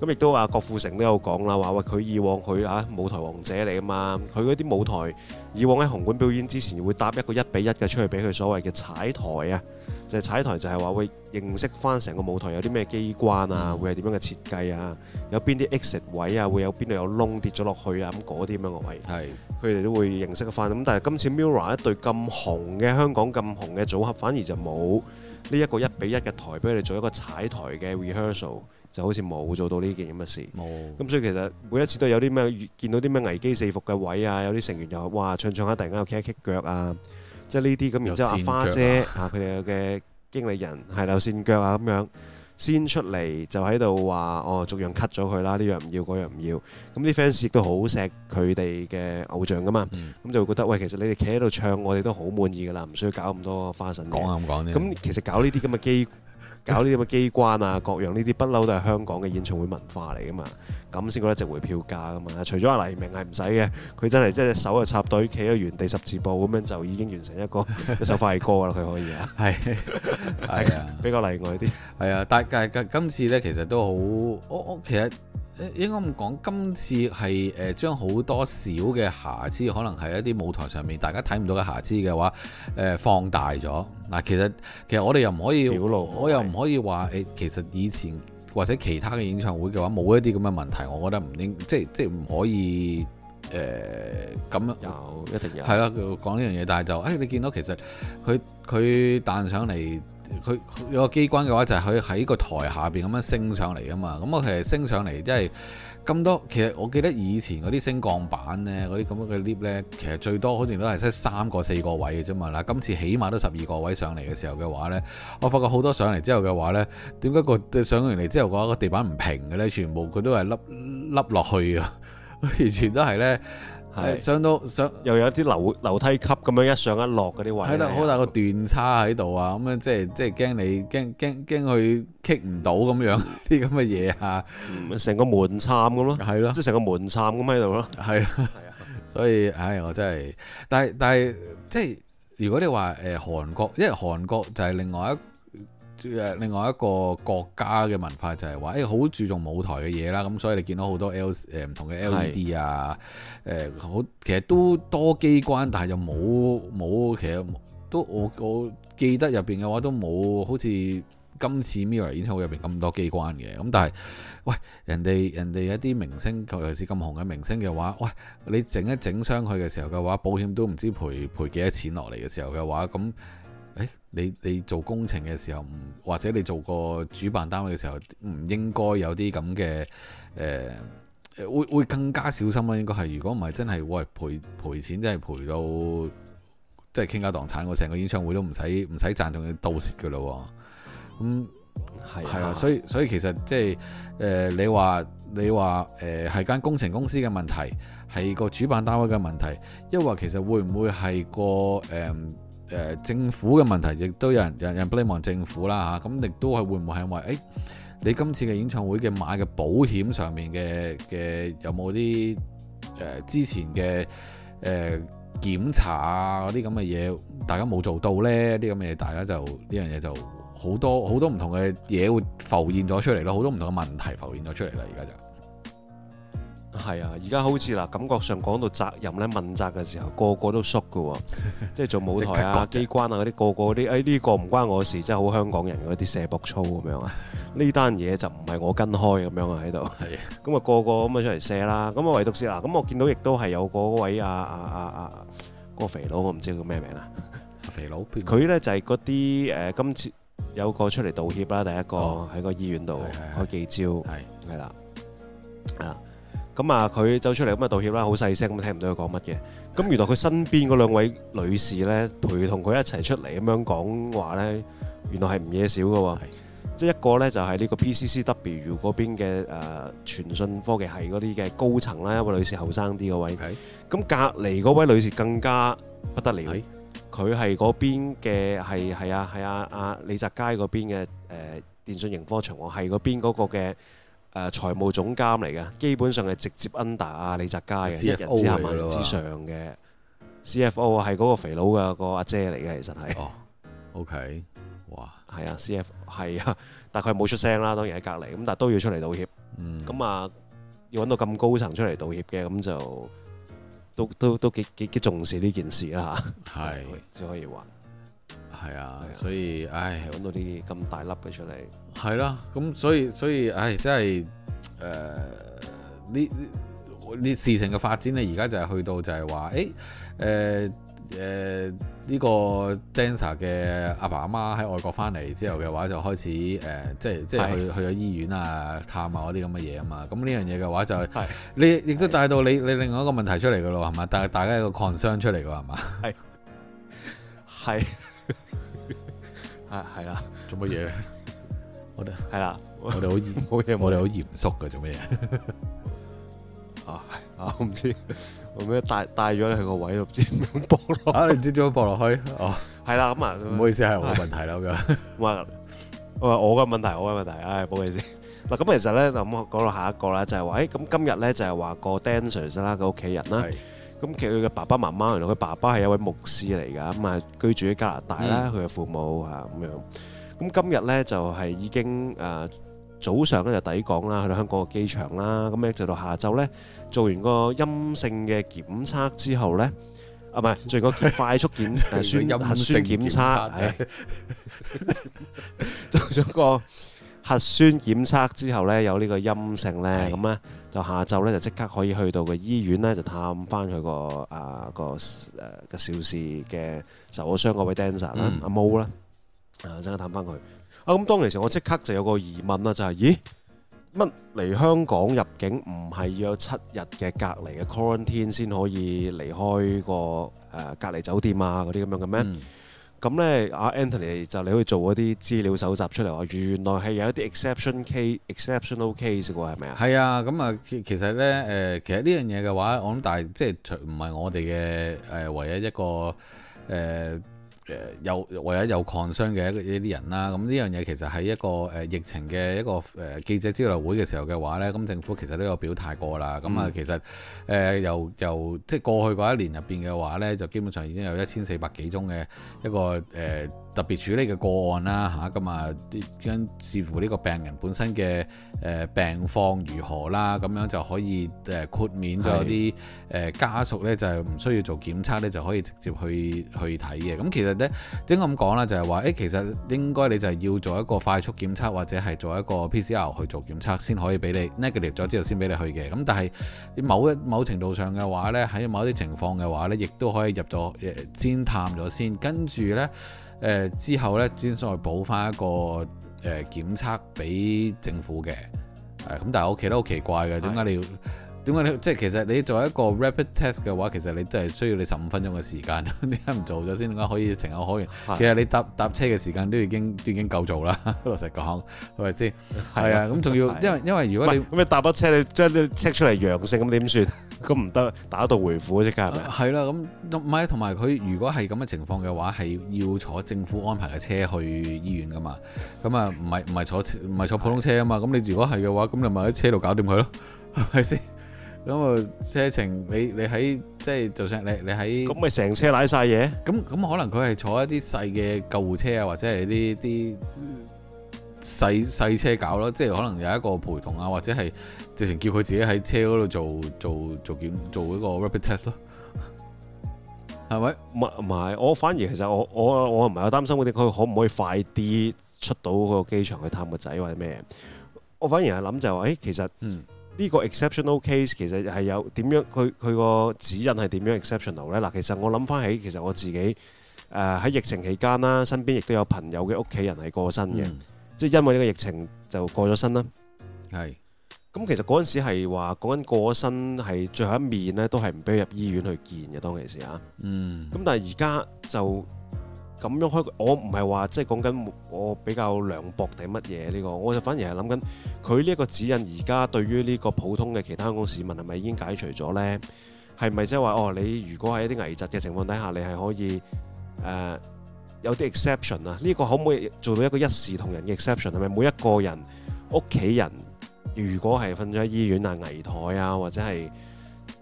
咁，亦都話郭富城都有講啦，話喂佢以往佢啊舞台王者嚟啊嘛，佢嗰啲舞台以往喺紅館表演之前會搭一個一比一嘅出去俾佢所謂嘅踩台啊，就係踩台就係話會認識返成個舞台有啲咩機關啊，會係點樣嘅設計啊，有邊啲 exit 位啊，會有邊度有窿跌咗落去啊，咁嗰啲咁樣嘅位係佢哋都會認識返咁。但係今次 MIRROR 一對咁紅嘅香港咁紅嘅組合，反而就冇。呢一個一比一嘅台俾佢哋做一個踩台嘅 rehearsal，就好似冇做到呢件咁嘅事。咁、哦、所以其實每一次都有啲咩，見到啲咩危機四伏嘅位啊，有啲成員又話：哇，唱唱下突然間又 kick 一 kick 腳啊，即係呢啲咁。然之後阿花姐啊，佢哋嘅經理人係流線腳啊咁、啊啊、樣。先出嚟就喺度話哦，逐樣 cut 咗佢啦，呢樣唔要，嗰樣唔要。咁啲 fans 亦都好錫佢哋嘅偶像噶嘛，咁、嗯、就覺得喂，其實你哋企喺度唱，我哋都好滿意噶啦，唔需要搞咁多花神嘅。講下咁講咧，咁其實搞呢啲咁嘅機。 <laughs> 搞呢啲嘅機關啊，各樣呢啲不嬲都係香港嘅演唱會文化嚟噶嘛，咁先覺得值回票價噶嘛。除咗阿、啊、黎明係唔使嘅，佢真係即係手又插隊，企咗原地十字步咁樣就已經完成一個 <laughs> 一首快歌啦。佢可以啊，係係啊，比較例外啲。係 <laughs> 啊，但係但係今次呢，其實都好，我我其實。應該咁講，今次係誒、呃、將好多小嘅瑕疵，可能係一啲舞台上面大家睇唔到嘅瑕疵嘅話，誒、呃、放大咗。嗱，其實其實我哋又唔可以，露我又唔可以話誒、欸，其實以前或者其他嘅演唱會嘅話，冇一啲咁嘅問題，我覺得唔應，即係即係唔可以誒咁、呃、樣。有一定有。係啦，講呢樣嘢，但係就誒、欸，你見到其實佢佢彈上嚟佢有個機關嘅話就係佢喺個台下邊咁樣升上嚟啊嘛，咁我其實升上嚟，因為咁多其實我記得以前嗰啲升降板呢，嗰啲咁樣嘅 lift 呢，其實最多好似都係得三個四個位嘅啫嘛，嗱今次起碼都十二個位上嚟嘅時候嘅話呢，我發覺好多上嚟之後嘅話呢，點解個上完嚟之後嘅個地板唔平嘅呢？全部佢都係凹凹落去啊，完全都係呢。上到上又有啲樓樓梯級咁樣一上一落嗰啲位置，係啦，好大個斷差喺度啊！咁樣即係即係驚你驚驚驚佢 k 唔到咁樣啲咁嘅嘢啊！成個門閘咁咯，係咯的，即係成個門閘咁喺度咯，係啊！所以唉、哎，我真係，但係但係即係如果你話誒、呃、韓國，因為韓國就係另外一另外一個國家嘅文化就係話，誒好注重舞台嘅嘢啦，咁所以你見到好多 L 誒唔同嘅 LED 啊，誒好是、呃、其實都多機關，但係又冇冇其實都我我記得入邊嘅話都冇好似今次 Mirror 演唱會入邊咁多機關嘅。咁但係，喂人哋人哋一啲明星，尤其是咁紅嘅明星嘅話，喂你整一整傷佢嘅時候嘅話，保險都唔知賠賠幾多錢落嚟嘅時候嘅話，咁。你你做工程嘅時候，或者你做個主辦單位嘅時候，唔應該有啲咁嘅誒，會會更加小心咯。應該係如果唔係，真係喂賠賠錢，真係賠到即係傾家蕩產。我成個演唱會都唔使唔使賺，仲要倒蝕噶咯。咁係係啊，所以所以其實即係誒，你話你話誒係間工程公司嘅問題，係個主辦單位嘅問題，抑或其實會唔會係個誒？呃誒、呃、政府嘅問題，亦都有人有人 blame on 政府啦嚇，咁、啊、亦都係會唔會係因為誒、哎、你今次嘅演唱會嘅買嘅保險上面嘅嘅有冇啲誒之前嘅誒、呃、檢查啊嗰啲咁嘅嘢，大家冇做到咧？啲咁嘅嘢，大家就呢樣嘢就好多好多唔同嘅嘢會浮現咗出嚟咯，好多唔同嘅問題浮現咗出嚟啦，而家就。係啊，而家好似嗱，感覺上講到責任咧，問責嘅時候，個個都縮㗎喎，即係做舞台啊、 <laughs> 機關啊嗰啲，個個嗰啲，哎呢個唔關我事，即係好香港人嗰啲卸膊操咁樣，樣，樣，樣，樣 <laughs> 啊！呢單嘢就唔係我跟開咁樣啊喺度，咁啊個個咁啊出嚟卸啦，咁啊唯獨是嗱，咁我見到亦都係有嗰位啊，阿阿阿個肥佬，我唔知叫咩名啊， <laughs> 肥佬，佢咧就係嗰啲誒，今次有個出嚟道歉啦，第一個喺個醫院度、哦、開記招，係係啦，係啦、啊。咁啊，佢走出嚟咁啊道歉啦，好細聲咁聽唔到佢講乜嘢。咁原來佢身邊嗰兩位女士呢，陪同佢一齊出嚟咁樣講話呢，原來係唔夜少㗎喎。即係的一個呢，就係呢個 PCCW 嗰邊嘅誒傳訊科技係嗰啲嘅高層啦，一位女士後生啲嘅位。咁隔離嗰位女士更加不得了，佢係嗰邊嘅係係啊係啊啊,啊李澤楷嗰邊嘅誒、呃、電訊盈科長，我係嗰邊嗰個嘅。誒，財、啊、務總監嚟嘅。基本上係直接 under 啊李澤楷嘅，一人之下萬人之上嘅 CFO 啊，係嗰個肥佬嘅個阿姐嚟嘅，其實係。哦、oh,，OK，哇、wow. 啊，係啊，CFO 係啊，但佢冇出聲啦，當然喺隔籬，咁但係都要出嚟道歉。咁、mm. 啊，要揾到咁高層出嚟道歉嘅，咁就都都都，都幾幾幾重視呢件事啦吓。係是， <laughs> 只可以話。係啊，所以唉，搵、啊、到啲咁大粒嘅出嚟。係啦、啊，咁、嗯嗯、所以所以唉，真係誒呢呢事情嘅發展咧、就是，而家就係去到就係話，誒誒誒呢個 Dancer 嘅阿爸阿媽喺外國翻嚟之後嘅話，就開始誒、嗯呃、即係即係去是的 去咗醫院啊探下嗰啲咁嘅嘢啊嘛。咁呢樣嘢嘅話就係、是、是的 你亦都的帶到你你另外一個問題出嚟嘅咯，係嘛？但係大家有個 concern 出嚟嘅係嘛？係係。啊，係啦，做乜嘢？我哋係啦，我哋好嚴，我哋好嚴肅嘅，做咩嘢？啊啊，唔知做咩帶帶咗你去個位度，唔知點樣播落？啊，你唔知點樣播落去？哦，係啦，咁啊，唔好意思，係我嘅問題啦，咁啊，我話我嘅問題，我嘅問題，唉，唔好意思。嗱，咁其實咧，咁講到下一個啦，就係話，誒，咁今日咧就係話個 Dancers 啦，佢屋企人啦。咁其實佢嘅爸爸媽媽，原來佢爸爸係一位牧師嚟㗎，咁啊居住喺加拿大啦。佢嘅父母吓咁樣。咁今日咧就係已經誒早上咧就抵港啦，去到香港嘅機場啦。咁咧直到下晝咧做完個陰性嘅檢測之後咧，啊唔係做完個快速檢測、核酸檢測，做咗個。核酸檢測之後咧，有呢個陰性咧，咁咧是、嗯、就下晝咧就即刻可以去到個醫院咧，就探翻佢、啊、個啊個誒、啊、個肇、啊、事嘅受咗傷嗰位 dancer 啦，阿 Mo 啦，啊陣間探翻佢啊！咁、啊、當其時我即刻就有個疑問啦，就係、是、咦乜嚟香港入境唔係要有七日嘅隔離嘅 quarantine 先可以離開個誒、啊、隔離酒店啊嗰啲咁樣嘅咩？嗯咁咧、嗯、阿 Anthony 就你去做嗰啲資料搜集出嚟話，原來係有一啲 exception case、exceptional case 喎，係咪啊？係啊，咁啊，其實咧，誒，其實呢樣嘢嘅話，我諗但係即係唔係我哋嘅誒唯一一個誒。呃誒有唯一有抗傷嘅一啲人啦，咁呢樣嘢其實係一個誒、呃、疫情嘅一個誒、呃、記者招待會嘅時候嘅話呢，咁政府其實都有表態過啦。咁啊、嗯，其實誒由由即係過去嗰一年入邊嘅話呢，就基本上已經有一千四百幾宗嘅一個誒。呃嗯特別處理嘅個案啦，嚇咁啊跟、啊、視乎呢個病人本身嘅誒、呃、病況如何啦，咁樣就可以誒、呃、豁免咗啲誒家屬呢，就係、是、唔需要做檢測呢，就可以直接去去睇嘅。咁、嗯、其實呢，即係咁講啦，就係話誒，其實應該你就係要做一個快速檢測，或者係做一個 PCR 去做檢測先可以俾你 negative 咗之後先俾你去嘅。咁但係某一某程度上嘅話呢，喺某啲情況嘅話呢，亦都可以入到誒探咗先，跟住呢。誒、呃、之後咧，先再補翻一個誒、呃、檢測俾政府嘅，誒、啊、咁，但係我覺得好奇怪嘅，點解的你要點解你？即、就、係、是、其實你作為一個 Rapid Test 嘅話，其實你都係需要你十五分鐘嘅時間，點解唔做咗先？點解可以情有可原？的其實你搭搭車嘅時間都已經都已經夠做啦， <laughs> 老實講係咪先？係啊，咁仲要，的因為因為如果你咁搭筆車，你將你 check 出嚟陽性咁點算？ <laughs> 咁唔得，打道回府即刻係咪？係啦，咁唔係，同埋佢如果係咁嘅情況嘅話，係要坐政府安排嘅車去醫院噶嘛？咁啊，唔係唔係坐唔係坐普通車啊嘛？咁你如果係嘅話，咁就咪喺車度搞掂佢咯，係咪先？咁啊，車程你你喺即係，就算你你喺咁咪成車瀨晒嘢？咁咁可能佢係坐一啲細嘅救護車啊，或者係啲啲。細細車搞咯，即係可能有一個陪同啊，或者係直情叫佢自己喺車嗰度做做做檢做一個 rapid test 咯，係咪？唔唔係，我反而其實我我我唔係有擔心嗰啲，佢可唔可以快啲出到個機場去探個仔或者咩？我反而係諗就話、是，誒、哎、其實呢個 exceptional case 其實係有點樣，佢佢個指引係點樣 exceptional 咧？嗱，其實我諗翻起，其實我自己誒喺、呃、疫情期間啦，身邊亦都有朋友嘅屋企人係過身嘅。嗯。即係因為呢個疫情就過咗身啦，係。咁其實嗰陣時係話講緊過咗身係最後一面咧，都係唔俾佢入醫院去見嘅當其時啊。嗯。咁但係而家就咁樣開，我唔係話即係講緊我比較涼薄定乜嘢呢個，我就反而係諗緊佢呢一個指引而家對於呢個普通嘅其他香港市民係咪已經解除咗咧？係咪即係話哦？你如果喺一啲危疾嘅情況底下，你係可以誒，呃有啲 exception 啊，呢個可唔可以做到一個一視同仁嘅 exception？係咪每一個人屋企人如果係瞓咗喺醫院啊危殆啊，或者係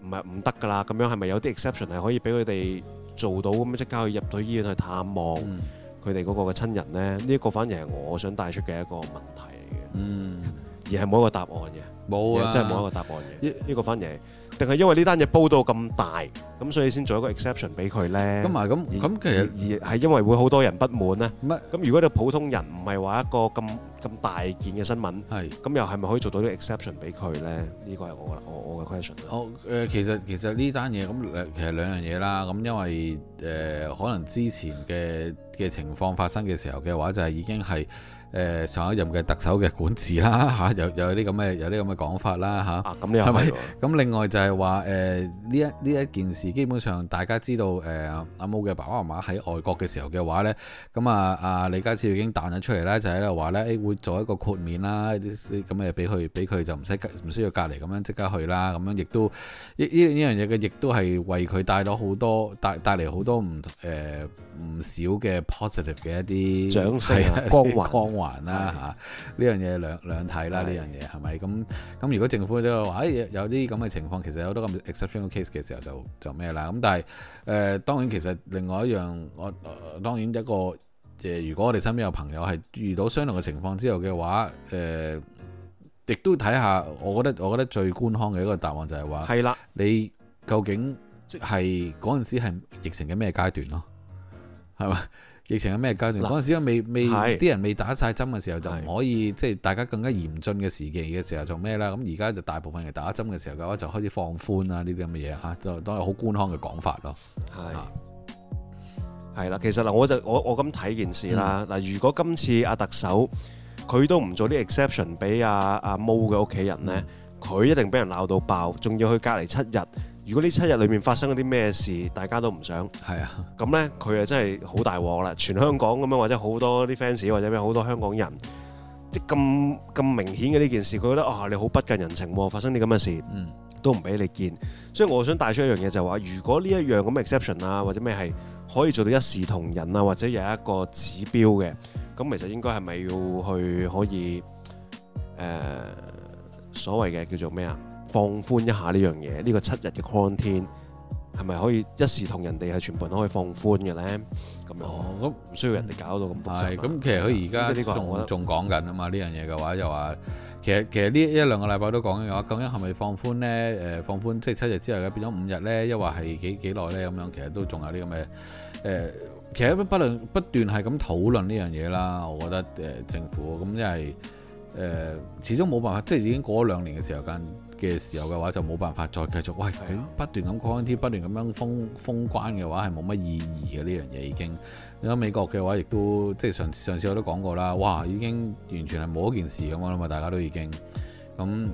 唔係唔得㗎啦？咁樣係咪有啲 exception 係可以俾佢哋做到咁即刻去入到醫院去探望佢哋嗰個嘅親人咧？呢一、嗯、個反而係我想帶出嘅一個問題嚟嘅，嗯，而係冇一個答案嘅，冇啊，即係冇一個答案嘅，呢、嗯、個反而。定係因為呢單嘢煲到咁大，咁所以先做一個 exception 俾佢咧。咁咪咁咁其實而係因為會好多人不滿咧。咁麼如果你普通人唔係話一個咁咁大件嘅新聞，係咁是又係咪可以做到啲 exception 俾佢咧？呢個係我我我嘅 question。我誒、哦呃、其實其實呢單嘢咁其實兩樣嘢啦。咁因為誒、呃、可能之前嘅嘅情況發生嘅時候嘅話，就係、是、已經係。誒上一任嘅特首嘅管治啦嚇，有有啲咁嘅有啲咁嘅講法啦咁嚇，係、啊、咪？咁、啊啊、另外就係話誒呢一呢一件事，基本上大家知道誒、呃、阿毛嘅爸爸媽媽喺外國嘅時候嘅話咧，咁啊啊李家超已經彈咗出嚟啦，就喺度話咧誒會做一個豁免啦，啲咁嘅嘢俾佢俾佢就唔使唔需要隔離咁樣即刻去啦，咁樣亦都呢依依樣嘢嘅，亦都係為佢帶到好多帶帶嚟好多唔誒唔少嘅 positive 嘅一啲掌聲、啊、 <laughs> 光環 云。 <laughs> 還啦吓，呢樣嘢兩兩睇啦，呢樣嘢係咪咁咁？是是如果政府即係話，誒、哎、有啲咁嘅情況，其實有好多咁 exceptional case 嘅時候就，就就咩啦咁。但係誒、呃，當然其實另外一樣，我、呃、當然一個誒、呃，如果我哋身邊有朋友係遇到相同嘅情況之後嘅話，誒、呃，亦都睇下。我覺得我覺得最官方嘅一個答案就係話，係啦的，你究竟即係嗰陣時係疫情嘅咩階段咯，係嘛？ <laughs> 疫情係咩階段？嗰陣、啊、時未未啲人未打晒針嘅時候就唔可以，是即係大家更加嚴峻嘅時期嘅時候做咩啦？咁而家就大部分人打針嘅時候嘅話，就開始放寬啊呢啲咁嘅嘢嚇，就當係好官腔嘅講法咯。係係啦，其實嗱，我就我我咁睇件事啦。嗱、嗯，如果今次阿特首佢都唔做啲 exception 俾阿、啊、阿毛、啊、嘅屋、啊、企人呢，佢、嗯、一定俾人鬧到爆，仲要去隔離七日。如果呢七日裏面發生咗啲咩事，大家都唔想。係啊，咁呢，佢啊真係好大鑊啦！全香港咁樣，或者好多啲 fans，或者咩好多香港人，即咁咁明顯嘅呢件事，佢覺得啊你好不近人情喎、啊，發生啲咁嘅事，嗯、都唔俾你見。所以我想帶出一樣嘢就係、是、話，如果呢一樣咁嘅 exception 啊，或者咩係可以做到一視同仁啊，或者有一個指標嘅，咁其實應該係咪要去可以誒、呃、所謂嘅叫做咩啊？放寬一下呢樣嘢，呢、這個七日嘅 con 天係咪可以一時同人哋係全部都可以放寬嘅咧？咁樣哦，咁唔那需要人哋搞到咁快。係，咁其實佢而家呢個仲仲講緊啊嘛，呢樣嘢嘅話又話，其實其實呢一兩個禮拜都講嘅話，究竟係咪放寬咧？誒，放寬即係七日之後咧變咗五日咧，又話係幾幾耐咧？咁樣其實都仲有啲咁嘅誒，其實不不不斷係咁討論呢樣嘢啦，我覺得誒、呃、政府咁因為誒，始終冇辦法，即係已經過咗兩年嘅時間。嘅時候嘅話，就冇辦法再繼續喂的不，不斷咁關天，不斷咁樣封封關嘅話，係冇乜意義嘅呢樣嘢已經。你睇美國嘅話，亦都即係上上次我都講過啦，哇，已經完全係冇一件事咁樣啦嘛，大家都已經咁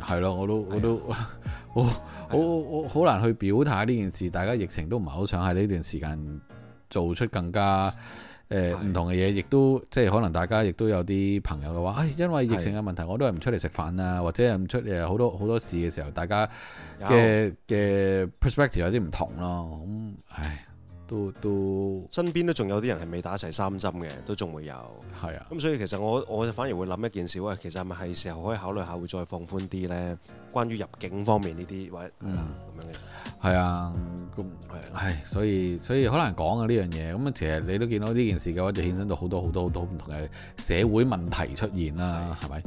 係咯，我都我都的 <laughs> 我的 <laughs> 我，我好難去表態呢件事，大家疫情都唔係好想喺呢段時間做出更加。誒唔、呃、是的 同嘅嘢，亦都即係可能大家亦都有啲朋友嘅話，誒、哎、因為疫情嘅問題，是的 我都係唔出嚟食飯啊，或者係唔出嚟好多好多事嘅時候，大家嘅嘅 perspective 有啲唔同咯。咁唉，都都身邊都仲有啲人係未打齊三針嘅，都仲會有係啊。咁是的 所以其實我我反而會諗一件事，喂，其實係咪係時候可以考慮下會再放寬啲咧？關於入境方面呢啲或者係啦，咁樣嘅。係啊，咁、哎、係，所以所以好難講啊，呢樣嘢。咁啊，其實你都見到呢件事嘅話就衍生到好多好多好多唔同嘅社會問題出現啦，係咪、啊？吧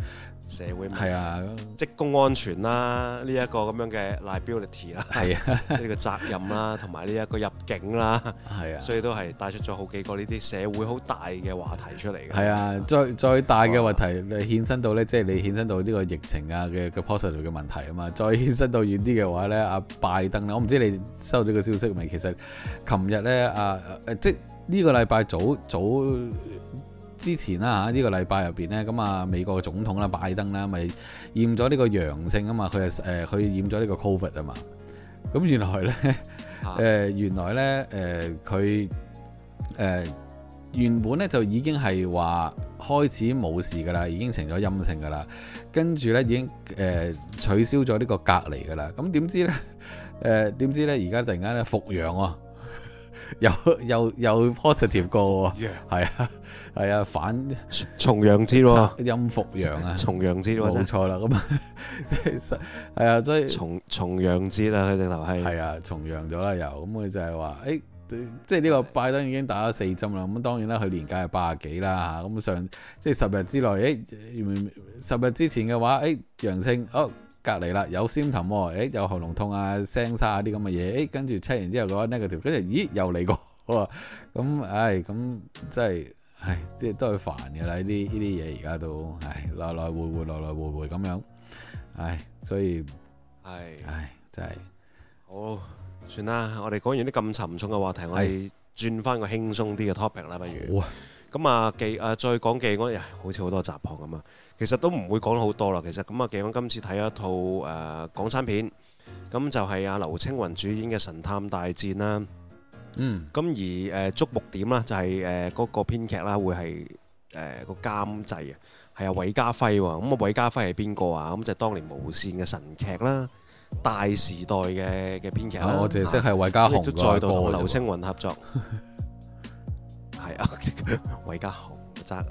社會問題係啊，職工安全啦，呢、這、一個咁樣嘅 liability 啦，係啊，呢 <laughs> 個責任啦，同埋呢一個入境啦，係啊， <laughs> 所以都係帶出咗好幾個呢啲社會好大嘅話題出嚟。嘅，係啊， <laughs> 再再大嘅話題、哦、你衍生到咧，即係你衍生到呢個疫情啊嘅嘅、那個、possible 嘅問題啊嘛。再衍生到遠啲嘅話咧，阿拜登咧，唔知你收到個消息未？其實琴日咧，阿、啊、誒，即呢、這個禮拜早早之前啦，吓、啊、呢、這個禮拜入邊咧，咁、嗯、啊，美國嘅總統啦、啊，拜登啦，咪驗咗呢個陽性啊？驗性嘛，佢係誒，佢驗咗呢個 covid 啊嘛。咁原來咧，誒，原來咧，誒、啊，佢誒、呃呃、原本咧就已經係話開始冇事噶啦，已經成咗陰性噶啦，跟住咧已經誒、呃、取消咗呢個隔離噶啦。咁、啊、點知咧？誒點、呃、知咧？而家突然間咧復陽啊，又又又 positive 過喎 Yeah.、啊，係啊係啊，反重陽節、陰復陽啊， <laughs> 重陽節冇錯啦、啊。咁其實係啊，所以重重陽節啦，佢直頭係係啊，重陽咗啦又。咁、嗯、佢就係話誒，即係呢個拜登已經打咗四針啦。咁、嗯、當然啦，佢年紀係八十幾啦嚇。咁、啊嗯、上即係十日之內，誒、欸、十日之前嘅話，誒、欸、陽性，好、啊。隔離啦，有咽喉冇？誒，有喉嚨痛啊，聲沙啲咁嘅嘢，誒，跟住出完之後嗰，呢個條跟住咦，又嚟過喎。咁，唉，咁即係，唉，即係都係煩嘅啦。呢啲呢啲嘢而家都，唉，來來回回，來來回回咁樣，唉，所以，係，唉，真係，好，算啦。我哋講完啲咁沉重嘅話題，我哋轉翻個輕鬆啲嘅 topic 啦，不如。咁啊，記啊，再講記，我、哎、好似好多雜項咁啊。其實都唔會講好多啦。其實咁啊，記我今次睇咗一套誒、呃、港產片，咁就係阿、啊、劉青雲主演嘅《神探大戰》啦。嗯。咁而誒、啊，觸目點啦、就是，就係誒嗰個編劇啦，會係誒個監製啊，係啊，韋家輝喎。咁啊，韋家輝係邊個啊？咁就係當年無線嘅神劇啦、啊，大時代嘅嘅編劇。啊、我淨係識係韋家雄、啊、再度同劉青雲合作。 <laughs> 係啊，韋家雄，誒，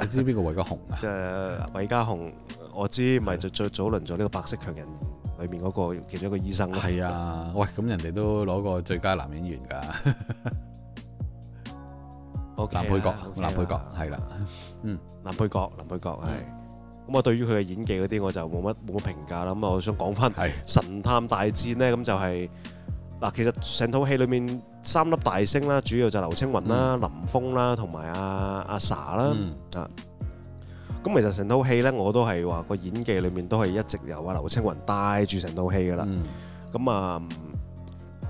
你知邊個韋家雄啊？即韋家雄，我知，咪就最早輪咗呢個白色強人裏面嗰個其中一個醫生咯。係啊，喂，咁人哋都攞過最佳男演員噶，OK，男配角，男配角係啦，嗯，男配角，男配角係。咁我對於佢嘅演技嗰啲，我就冇乜冇乜評價啦。咁啊，我想講翻《神探大戰》咧，咁就係。嗱，其實成套戲裏面三粒大星啦，主要就劉青雲啦、嗯、林峰啦，同埋阿阿 sa 啦啊。咁、啊嗯啊、其實成套戲咧，我都係話個演技裏面都係一直由阿劉青雲帶住成套戲噶啦。咁啊、嗯嗯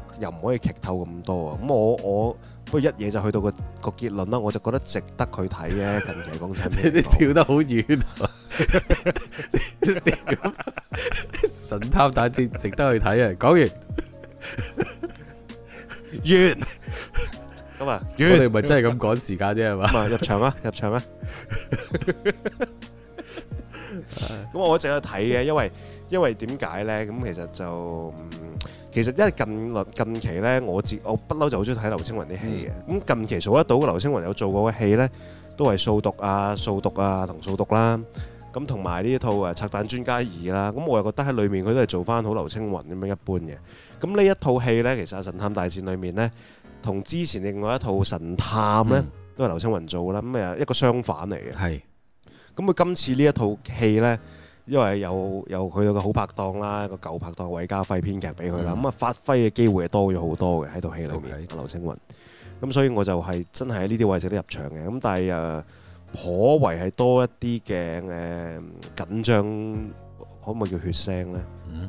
嗯，又唔可以劇透咁多啊。咁我我，不過一嘢就去到個個結論啦，我就覺得值得佢睇嘅。近期講真， <laughs> 你跳得好遠，神探大戰值,值得去睇啊！講完。 <laughs> 完咁啊！ <laughs> 完我哋咪真係咁趕時間啫係嘛？入場啊！入場啊！咁我我淨係睇嘅，因為因為點解咧？咁其實就、嗯、其實因為近近期咧，我自我不嬲就好中意睇劉青雲啲戲嘅。咁、嗯、近期數得到劉青雲有做過嘅戲咧，都係《掃毒》啊，《掃毒》啊同《掃毒》啦。咁同埋呢一套《啊拆彈專家二》啦，咁我又覺得喺裏面佢都係做翻好劉青雲咁樣一般嘅。咁呢一套戲呢，其實《神探大戰》裏面呢，同之前另外一套神探呢，都係劉青雲做啦。咁啊一個相反嚟嘅。係是。咁佢今次呢一套戲呢，因為有有佢有個好拍檔啦，一個舊拍檔韋家輝編劇俾佢啦，咁啊、嗯、發揮嘅機會係多咗好多嘅喺套戲裏面。白劉青雲。咁所以我就係真係喺呢啲位置都入場嘅。咁但係誒。呃頗為係多一啲嘅誒緊張，可唔可以叫血腥咧？嗯、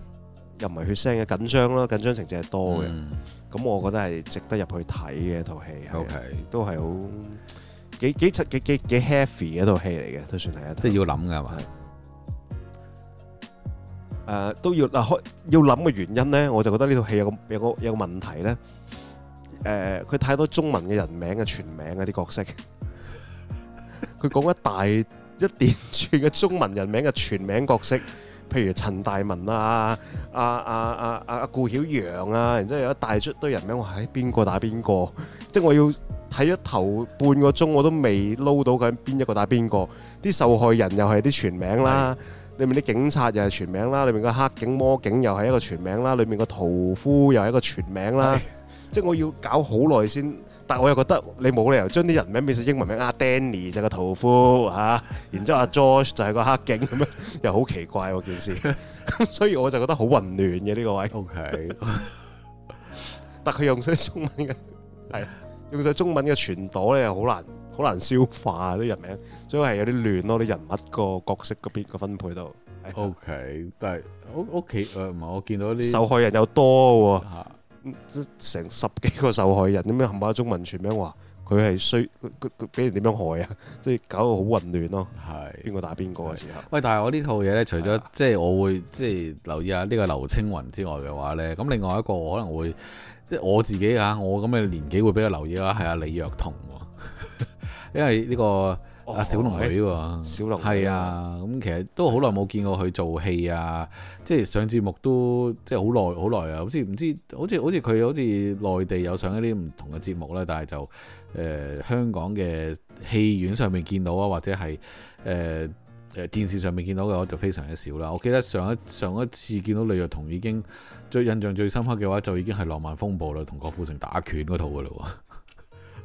又唔係血腥嘅緊張啦，緊張情節係多嘅。咁、嗯嗯、我覺得係值得入去睇嘅一套戲，OK，都係好幾幾七幾幾幾 happy 嘅一套戲嚟嘅，都算係一。即係要諗㗎嘛？誒、呃，都要嗱，開要諗嘅原因咧，我就覺得呢套戲有個有個有個問題咧。誒、呃，佢太多中文嘅人名嘅全名嗰啲角色。佢講一大一連串嘅中文人名嘅全名角色，譬如陳大文啊、阿阿阿阿阿顧曉陽啊，然之後有一大出堆人名，我喺邊個打邊個？即係我要睇咗頭半個鐘我都未撈到緊邊一個打邊個。啲受害人又係啲全名啦，裏是的 面啲警察又係全名啦，裏面個黑警、魔警又係一個全名啦，裏面個屠夫又係一個全名啦。是的 即係我要搞好耐先，但係我又覺得你冇理由將啲人名變成英文名阿、啊、Danny 就係個屠夫嚇、啊，然之後阿、啊、George 就係個黑警咁樣， <laughs> 又好奇怪喎件事。咁 <laughs> <laughs> 所以我就覺得好混亂嘅呢、這個位。OK， <laughs> 但佢用晒啲中文嘅，係用晒中文嘅傳播咧，又好難好難消化啲人名，所以係有啲亂咯啲人物個角色嗰邊個分配度、okay。OK，但係屋企誒，唔係我見到啲受害人又多喎。啊成十幾個受害人，咁樣冚唪唥中文全名話佢係衰，佢佢俾人點樣害啊？即 <laughs> 係搞到好混亂咯。係邊個打邊個嘅時候？喂，但係我呢套嘢咧，除咗的即係我會即係留意下呢個劉青雲之外嘅話咧，咁另外一個我可能會即係我自己嚇，我咁嘅年紀會比較留意嘅係阿李若彤喎， <laughs> 因為呢、呢個。小龍啊，小龍女喎，係啊，咁、啊、其實都好耐冇見過佢做戲啊，即、就、係、是、上節目都即係好耐好耐啊，好似唔知好似好似佢好似內地有上一啲唔同嘅節目咧、啊，但係就誒、呃、香港嘅戲院上面見到啊，或者係誒誒電視上面見到嘅話，就非常之少啦。我記得上一上一次見到李若彤已經最印象最深刻嘅話，就已經係《浪漫風暴》啦，同郭富城打拳嗰套嘅啦喎。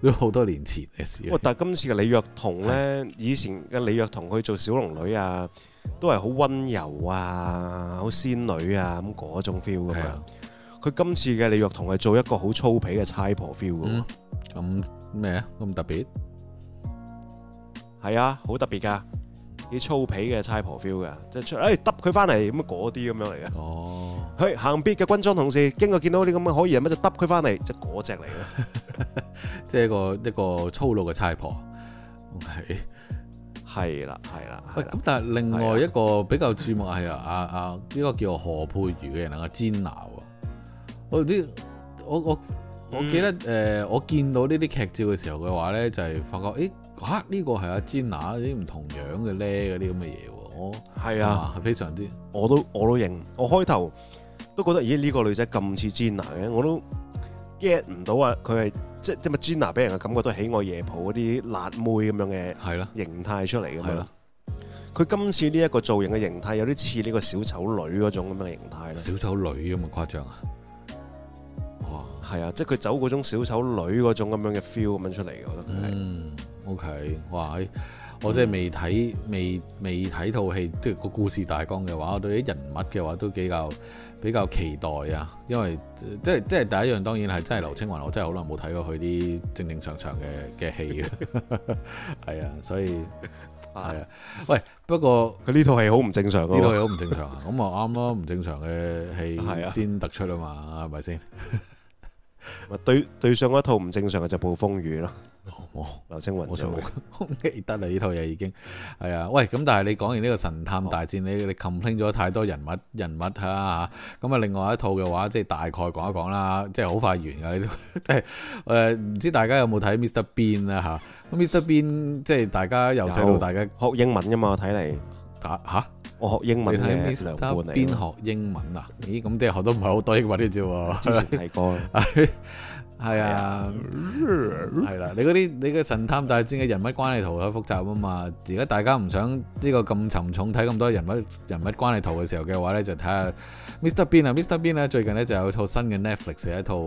都好多年前嘅事。哇！但係今次嘅李若彤呢，是的 以前嘅李若彤去做小龍女啊，都係好溫柔啊，好仙女啊咁嗰種 feel 噶嘛。佢是的 今次嘅李若彤係做一個好粗鄙嘅差婆 feel 噶喎。咁咩啊？咁、嗯、特別？係啊，好特別噶。啲粗皮嘅差婆 feel 嘅，即係出，哎揼佢翻嚟咁啊嗰啲咁樣嚟嘅。哦去，佢行咇嘅軍裝同事，經過見到啲咁嘅可疑，人、就是，咪就揼佢翻嚟，即係嗰隻嚟嘅。即係一個一個粗魯嘅差婆，係、okay? 係啦，係啦。咁但係另外一個比較注目係阿阿呢個叫做何佩瑜嘅人啊煎熬啊！Gina、我啲我我我、嗯、記得誒、呃，我見到呢啲劇照嘅時候嘅話咧，就係、是、發覺誒。嚇！呢、啊這個係阿 Jenna 嗰啲唔同樣嘅咧，嗰啲咁嘅嘢喎，係啊，非常之，我都我都認。我開頭都覺得咦？呢、這個女仔咁似 Jenna 嘅，我都 get 唔到啊！佢係即即咪 Jenna 俾人嘅感覺都喜愛夜蒲嗰啲辣妹咁樣嘅形態出嚟嘅。係啦，佢今次呢一個造型嘅形態有啲似呢個小丑女嗰種咁嘅形態。小丑女咁嘅誇張啊？哇！係啊，即係佢走嗰種小丑女嗰種咁樣嘅 feel 咁樣出嚟嘅，我覺得佢係。嗯 O、okay, K，哇！我真係未睇未未睇套戲，即係個故事大綱嘅話，我對啲人物嘅話都比較比較期待啊！因為即係即係第一樣，當然係真係劉青雲，我真係好耐冇睇過佢啲正正常常嘅嘅戲嘅，係 <laughs> 啊，所以係啊。喂，不過佢呢套戲好唔正常，呢套戲好唔正常啊！咁啊啱咯，唔正常嘅戲先突出啊嘛，係咪先？對對上一套唔正常嘅就暴風雨咯，哦，劉青雲就我記得啦，呢套嘢已經係啊。喂，咁但係你講完呢個神探大戰，好你你 complain 咗太多人物人物吓咁啊，啊，另外一套嘅話即係、就是、大概講一講啦，即係好快完噶。即係誒，唔、啊、知大家有冇睇 Mr Bean 啦、啊、吓？Mr Bean 即係大家由細到大家學英文噶嘛？睇嚟吓。啊我學英文咧，Mr. Bean 學英文啊？ <music> 咦，咁啲學得唔係好多英文啲啫喎。之前睇過，係 <laughs> 啊，係啦、啊嗯啊。你嗰啲你嘅《神探大戰》嘅人物關係圖好複雜啊嘛。而家大家唔想呢個咁沉重睇咁多人物人物關係圖嘅時候嘅話咧，就睇下 Mr. Bean 啊，Mr. Bean 啊，最近咧就有套新嘅 Netflix 嘅一套誒，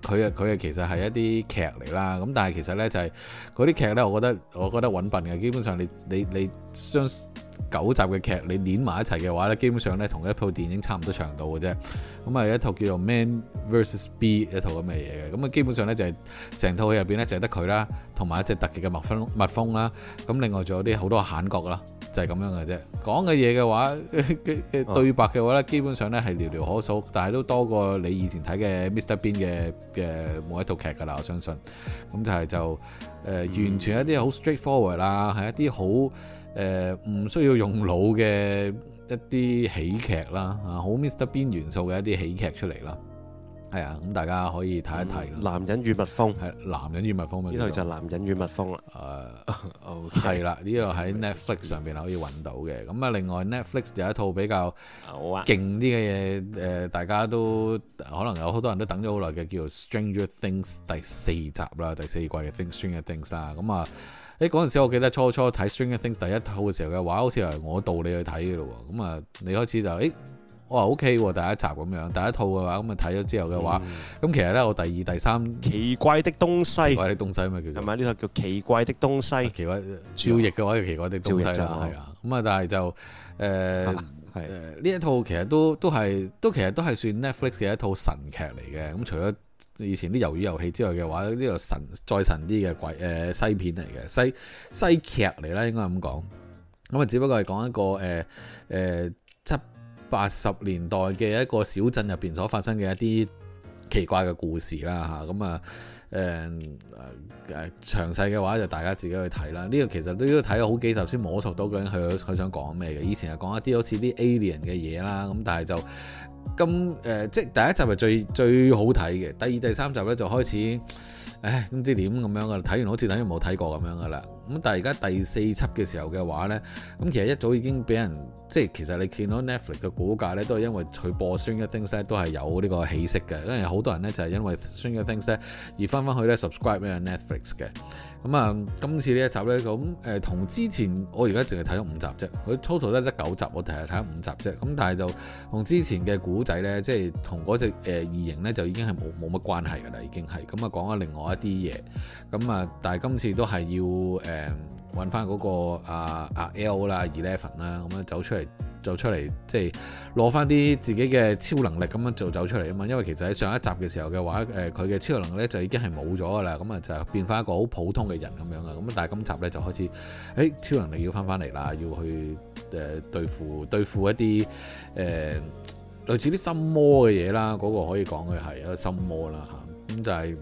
佢啊佢啊其實係一啲劇嚟啦。咁但係其實咧就係嗰啲劇咧，我覺得我覺得搵笨嘅。基本上你你你將九集嘅劇你連埋一齊嘅話咧，基本上咧同一套電影差唔多長度嘅啫。咁啊有一套叫做 Man vs Bee 一套咁嘅嘢嘅，咁啊基本上咧就係成套戲入邊咧就係得佢啦，同埋一隻特技嘅蜜蜂蜜蜂，蜂啦。咁另外仲有啲好多險角啦，就係、是、咁樣嘅啫。講嘅嘢嘅話嘅 <laughs> 對白嘅話咧，oh. 基本上咧係寥寥可數，但係都多過你以前睇嘅 Mr Bean 嘅嘅某一套劇噶啦，我相信。咁就係就誒、呃、完全一啲好 straightforward 啦，係、mm. 一啲好。誒唔、呃、需要用腦嘅一啲喜劇啦，啊好 Mr. Bean 元素嘅一啲喜劇出嚟啦，係啊，咁大家可以睇一睇男人與蜜蜂係男人與蜜蜂咩？呢度就係男人與蜜蜂啦。誒、呃，係啦 Okay.、啊，呢度喺 Netflix 上邊可以揾到嘅。咁啊，另外 Netflix 有一套比較勁啲嘅嘢，誒、呃，大家都可能有好多人都等咗好耐嘅，叫做 Stranger Things 第四集啦，第四季嘅 Things St Stranger Things 啦，咁啊。誒嗰陣時，我記得初初睇《Stranger Things》第一套嘅時候嘅話，好似係我導你去睇嘅咯喎。咁啊，你開始就我、欸、哇 O、okay、K，第一集咁樣，第一套嘅話，咁啊睇咗之後嘅話，咁、嗯、其實咧，我第二、第三《奇怪的東西》，奇怪的東西咪叫，係咪呢套叫《奇怪的東西》啊？奇怪，照譯嘅話叫「奇怪的東西啦，係啊。咁啊，但係就誒，誒、呃、呢一套其實都都係都其實都係算 Netflix 嘅一套神劇嚟嘅。咁除咗以前啲魷魚遊戲之外嘅話，呢個神再神啲嘅鬼誒、呃、西片嚟嘅西西劇嚟啦，應該咁講。咁啊，只不過係講一個誒誒、呃呃、七八十年代嘅一個小鎮入邊所發生嘅一啲奇怪嘅故事啦嚇。咁啊誒誒、啊呃、詳細嘅話就大家自己去睇啦。呢、這個其實都要睇好幾頭先摸索到究竟佢佢想講咩嘅。以前係講一啲好似啲 alien 嘅嘢啦，咁但係就。咁誒、呃，即係第一集係最最好睇嘅，第二、第三集咧就開始，唉，都唔知點咁樣噶啦。睇完好似等於冇睇過咁樣噶啦。咁但係而家第四輯嘅時候嘅話咧，咁其實一早已經俾人。即係其實你見到 Netflix 嘅股價咧，都係因為佢播《Stranger Things》咧，都係有呢個起色嘅。因為好多人咧就係、是、因為、er《分分 Stranger Things》咧而翻翻去咧 subscribe 咩 Netflix 嘅。咁啊，今次呢一集咧，咁誒同之前我而家淨係睇咗五集啫。佢 total 咧得九集，我淨係睇咗五集啫。咁但係就同之前嘅古仔咧，即係同嗰隻誒、呃、異形咧，就已經係冇冇乜關係㗎啦。已經係咁啊，講、嗯、啊另外一啲嘢。咁、嗯、啊，但係今次都係要誒。呃揾翻嗰個啊啊 L 啦 Eleven 啦，咁樣走出嚟，走出嚟即係攞翻啲自己嘅超能力咁樣就走出嚟啊嘛！因為其實喺上一集嘅時候嘅話，誒佢嘅超能力咧就已經係冇咗噶啦，咁啊就變翻一個好普通嘅人咁樣啊！咁但係今集咧就開始，誒、欸、超能力要翻翻嚟啦，要去誒、呃、對付對付一啲誒、呃、類似啲心魔嘅嘢啦，嗰個可以講佢係一個心魔啦嚇，咁就係。